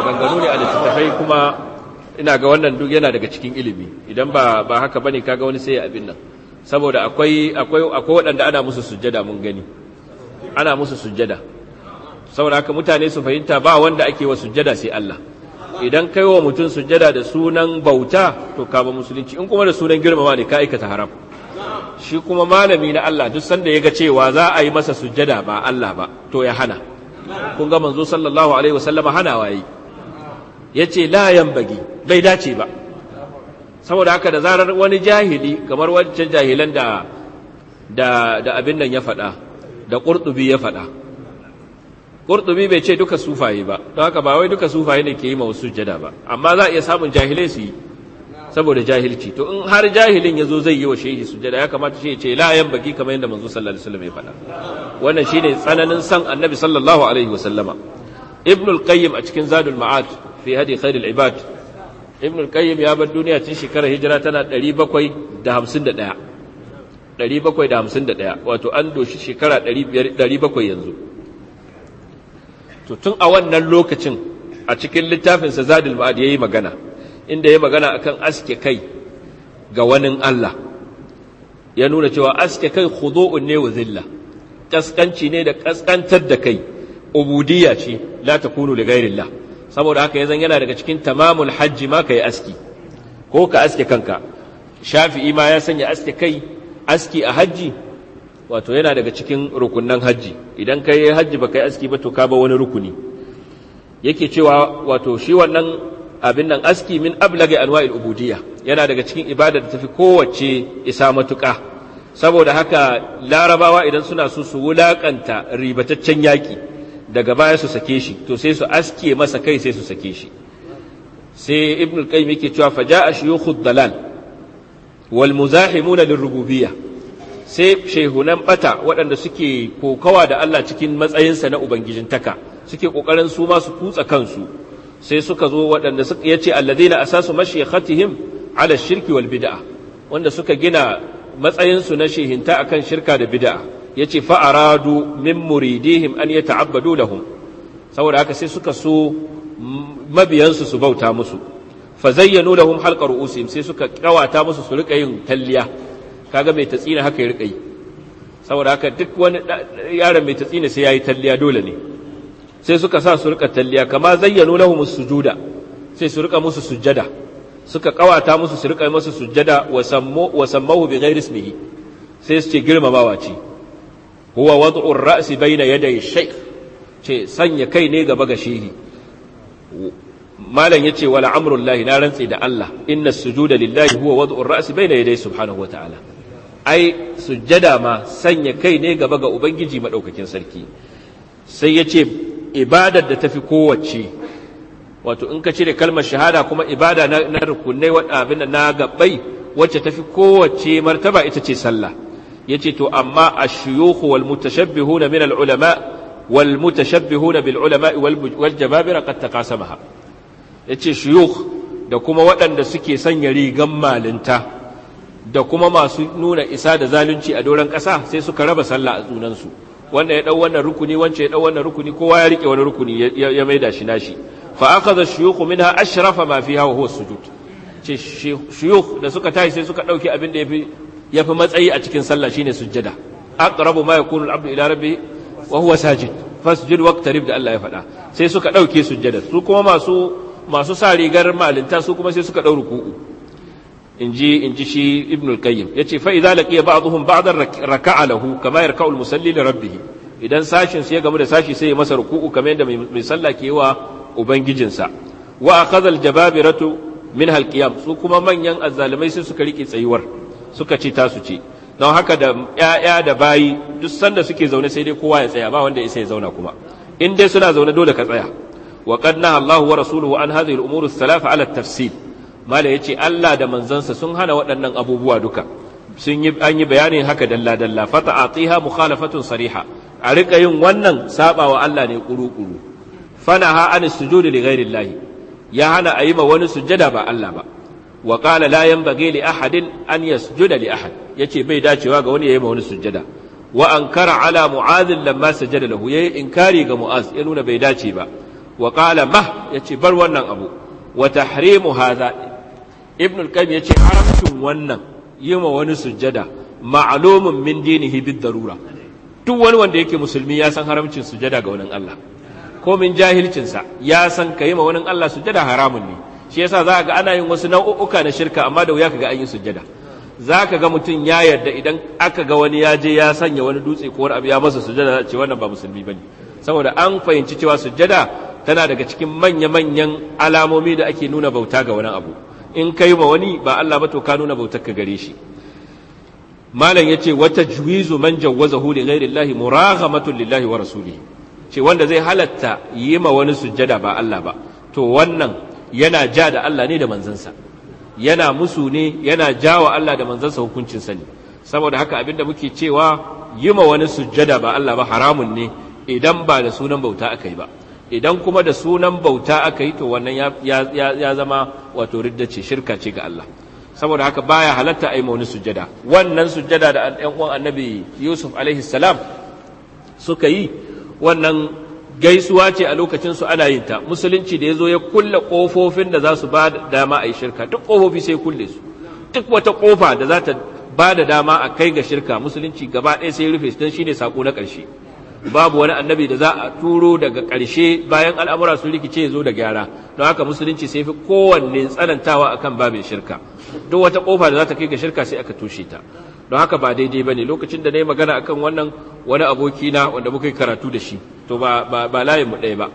[SPEAKER 1] maganganu ne a littattafai kuma ina ga wannan duk yana daga cikin ilimi idan ba ba haka bane kaga wani sai abin nan saboda akwai waɗanda ana musu sujjada mun gani ana musu sujjada saboda haka mutane su fahimta ba wanda ake wa sujjada sai Allah idan kai wa mutum sujjada da sunan bauta to ka ba musulunci in kuma da sunan girmama ne ka aikata haram shi kuma malami na Allah duk sanda ya ga cewa za a yi masa sujjada ba Allah ba to ya hana kun ga manzo sallallahu alaihi wasallama hanawa yi yace la yanbagi bai dace ba saboda haka da zarar wani jahili kamar wancan jahilan da da da abin nan ya faɗa da qurtubi ya faɗa qurtubi bai ce duka sufaye ba don haka ba wai duka sufaye ne ke yi ma wasu jada ba amma za a iya samun jahilai su yi saboda jahilci to in har jahilin yazo zai yi wa shehi sujada ya kamata shi ya ce la yan baki kamar yadda manzo sallallahu alaihi wasallam ya faɗa wannan shine tsananin san annabi sallallahu alaihi wasallama ibn al-qayyim a cikin zadul ma'ad fi hadi khairil ibad ibn al-qayyim ya bar duniya cikin shekarar hijira tana 751 751 wato an doshi shekara 700 yanzu to tun a wannan lokacin a cikin littafinsa zadul ma'ad yayi magana inda ya magana akan aske kai ga wani Allah ya nuna cewa aske kai khudu'un ne wa zilla kaskanci ne da kaskantar da kai ubudiyya ce la takunu li ghairillah saboda haka yanzu yana daga cikin tamamul hajji ma kai aski ko ka aske kanka shafi'i ma ya sanya aske kai aski a hajji wato yana daga cikin rukunnan hajji idan kai hajji ba kai aski ba to ka ba wani rukuni yake cewa wato shi wannan abin nan aski min ablagi anwa'il ubudiyya yana daga cikin ibada da tafi kowace isa matuƙa saboda haka larabawa idan suna so su wulakanta ribataccen yaki daga baya su sake shi to sai su aske masa kai sai su sake shi sai ibn al-qayyim yake cewa fa ja'a shuyukh ad-dalal wal muzahimuna lirububiyya sai shehunan bata waɗanda suke kokawa da Allah cikin matsayinsa na ubangijin taka suke kokarin su ma su kutsa kansu sai suka zo waɗanda suka yace alladina asasu mashyakhatihim ala shirki wal bid'a wanda suka gina matsayin su na shehinta akan shirka da bid'a yace fa aradu min muridihim an yata'abbadu lahum saboda haka sai suka so mabiyansu su bauta musu fa zayyanu lahum halqa ru'usihim sai suka kawata musu su rika yin talliya kaga mai tatsina haka ya rika yi saboda haka duk wani yaron mai tatsina sai yayi talliya dole ne sai suka sa su rika talliya kama zayyanu lahum sujuda sai su rika musu sujjada suka kawata musu su rika musu sujjada wa sammu wa sammahu bi ghairi ismihi sai su ce girmamawa ce huwa wad'u ar-ra's bayna yaday shaykh ce sanya kai ne gaba ga shehi malam yace wala amrullahi na rantsi da Allah inna sujuda lillahi huwa wad'u ar-ra's bayna yaday subhanahu wa ta'ala ai sujjada ma sanya kai ne gaba ga ubangiji madaukakin sarki sai yace ibadar da tafi kowace wato in ka cire kalmar shahada kuma ibada na rukunai abin na gabbai wacce tafi kowace martaba ita ce sallah yace to amma ash-shuyukh wal mutashabbihun min al-ulama wal mutashabbihun bil ulama wal jababira qad taqasamaha yace shuyukh da kuma waɗanda suke sanya rigan malinta da kuma masu nuna isa da zalunci a doron ƙasa sai suka raba sallah a sunansu. wanda ya dau wannan rukuni wance ya dau wannan rukuni kowa ya rike wani rukuni ya maida shi nashi fa akhadha ash-shuyukh minha ashrafa ma fiha wa huwa sujud ce shuyukh da suka tashi sai suka dauki abin da yafi yafi matsayi a cikin sallah shine sujjada aqrabu ma yakunu al-abdu ila rabbi wa huwa sajid fasjud waqtarib da Allah ya faɗa sai suka dauke sujjada su kuma masu masu sa rigar malinta su kuma sai suka dau ruku'u inji inji shi ibn al-qayyim yace fa idza laqiya ba'dhum ba'dan raka'a lahu kama yarka'u al-musalli li rabbih idan sashin sai ya gamu da sashi sai ya masa ruku'u kamar yadda mai sallah ke wa ubangijinsa wa akhadha al-jababiratu min al-qiyam su kuma manyan azzalimai sai suka rike tsayuwar suka ce tasu ce don haka da ƴaƴa da bayi duk sanda suke zaune sai dai kowa ya tsaya ba wanda ya sai ya zauna kuma in dai suna zaune dole ka tsaya wa qad Allahu wa rasuluhu an hadhihi al-umur ala at-tafsil mala yace Allah da manzansa sun hana waɗannan abubuwa duka sun yi an yi bayanin haka dalla dalla fata tsiha mukhalafatun sariha a rika yin wannan sabawa Allah ne kuru kuru fanaha an sujudi li ghairi Allah ya hana a yi ma wani sujjada ba Allah ba wa qala la yanbaghi li ahadin an yasjuda li ahad yace bai dacewa ga wani yayi ma wani sujjada wa ankara ala mu'adh lamma sajada lahu yayi inkari ga mu'az ya nuna bai dace ba wa qala mah yace bar wannan abu wa tahrimu hadha ibn al-qayyim yace haramcin wannan yi ma wani sujjada ma'lumun min dinihi bid darura duk wani wanda yake musulmi ya san haramcin sujjada ga wani Allah ko min jahilcin sa ya san kai ma wani Allah sujjada haramun ne shi yasa za ga ana yin wasu nau'uka na shirka amma da wuya kaga an yi sujjada za ka ga mutum ya yarda idan aka ga wani ya je ya sanya wani dutse ko wani abu ya masa sujjada ce wannan ba musulmi bane saboda an fahimci cewa sujjada tana daga cikin manya-manyan alamomi da ake nuna bauta ga wani abu in kai ba wani ba Allah ba to ka nuna bautar ka gare shi malam yace wata juwizu man jawwazahu li ghairi Allah muraghamatu lillahi wa rasulihi ce wanda zai halatta yi ma wani sujjada ba Allah ba to wannan yana ja da Allah ne da manzansa yana musu ne yana wa Allah da manzansa hukuncin sa ne saboda haka abinda muke cewa yi ma wani sujjada ba Allah ba haramun ne idan ba da sunan bauta aka yi ba idan kuma da sunan bauta aka yi to wannan ya zama wato ridda ce shirka ce ga Allah saboda haka baya halatta a yi mauni sujjada wannan sujada da ɗan uwan annabi yusuf alaihi salam suka yi wannan gaisuwa ce a lokacin su ana yin ta musulunci da ya zo ya kulle kofofin da za su ba da dama a yi shirka duk kofofi sai kulle su duk wata kofa da za ta ba da dama a kai ga shirka musulunci gaba ɗaya sai rufe su don shine sako na ƙarshe babu wani annabi da za a turo daga ƙarshe bayan al'amura sun rikice zo da gyara don haka musulunci sai fi kowanne tsanantawa akan babin shirka duk wata kofa da za ta kai ga shirka sai aka tushe ta don haka ba daidai ba ne lokacin da na yi magana a kan wannan wani abokina wanda muka yi karatu da shi to ba layin mu ɗaya ba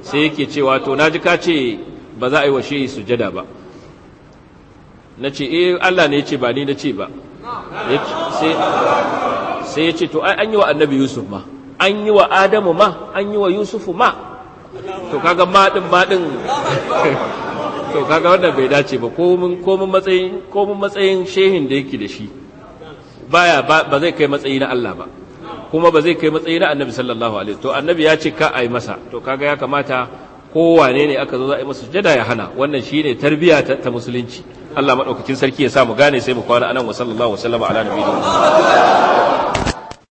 [SPEAKER 1] sai yake cewa to na ji ka ce ba za a yi wa shi sujada ba na ce eh Allah ne ya ce ba ni na ce ba sai ya ce to ai an yi wa annabi yusuf ma an yi wa adamu ma an yi wa yusufu ma to kaga maɗin maɗin to kaga wannan bai dace ba komin matsayin matsayin shehin da yake da shi baya ba zai kai matsayi na Allah ba kuma ba zai kai matsayi na annabi sallallahu alaihi to annabi ya ce ka ai masa to kaga ya kamata kowane ne aka zo za a yi masa sujada ya hana wannan shine tarbiya ta musulunci Allah madaukakin sarki ya sa mu gane sai mu kwana anan wa sallallahu wa sallama ala nabiyina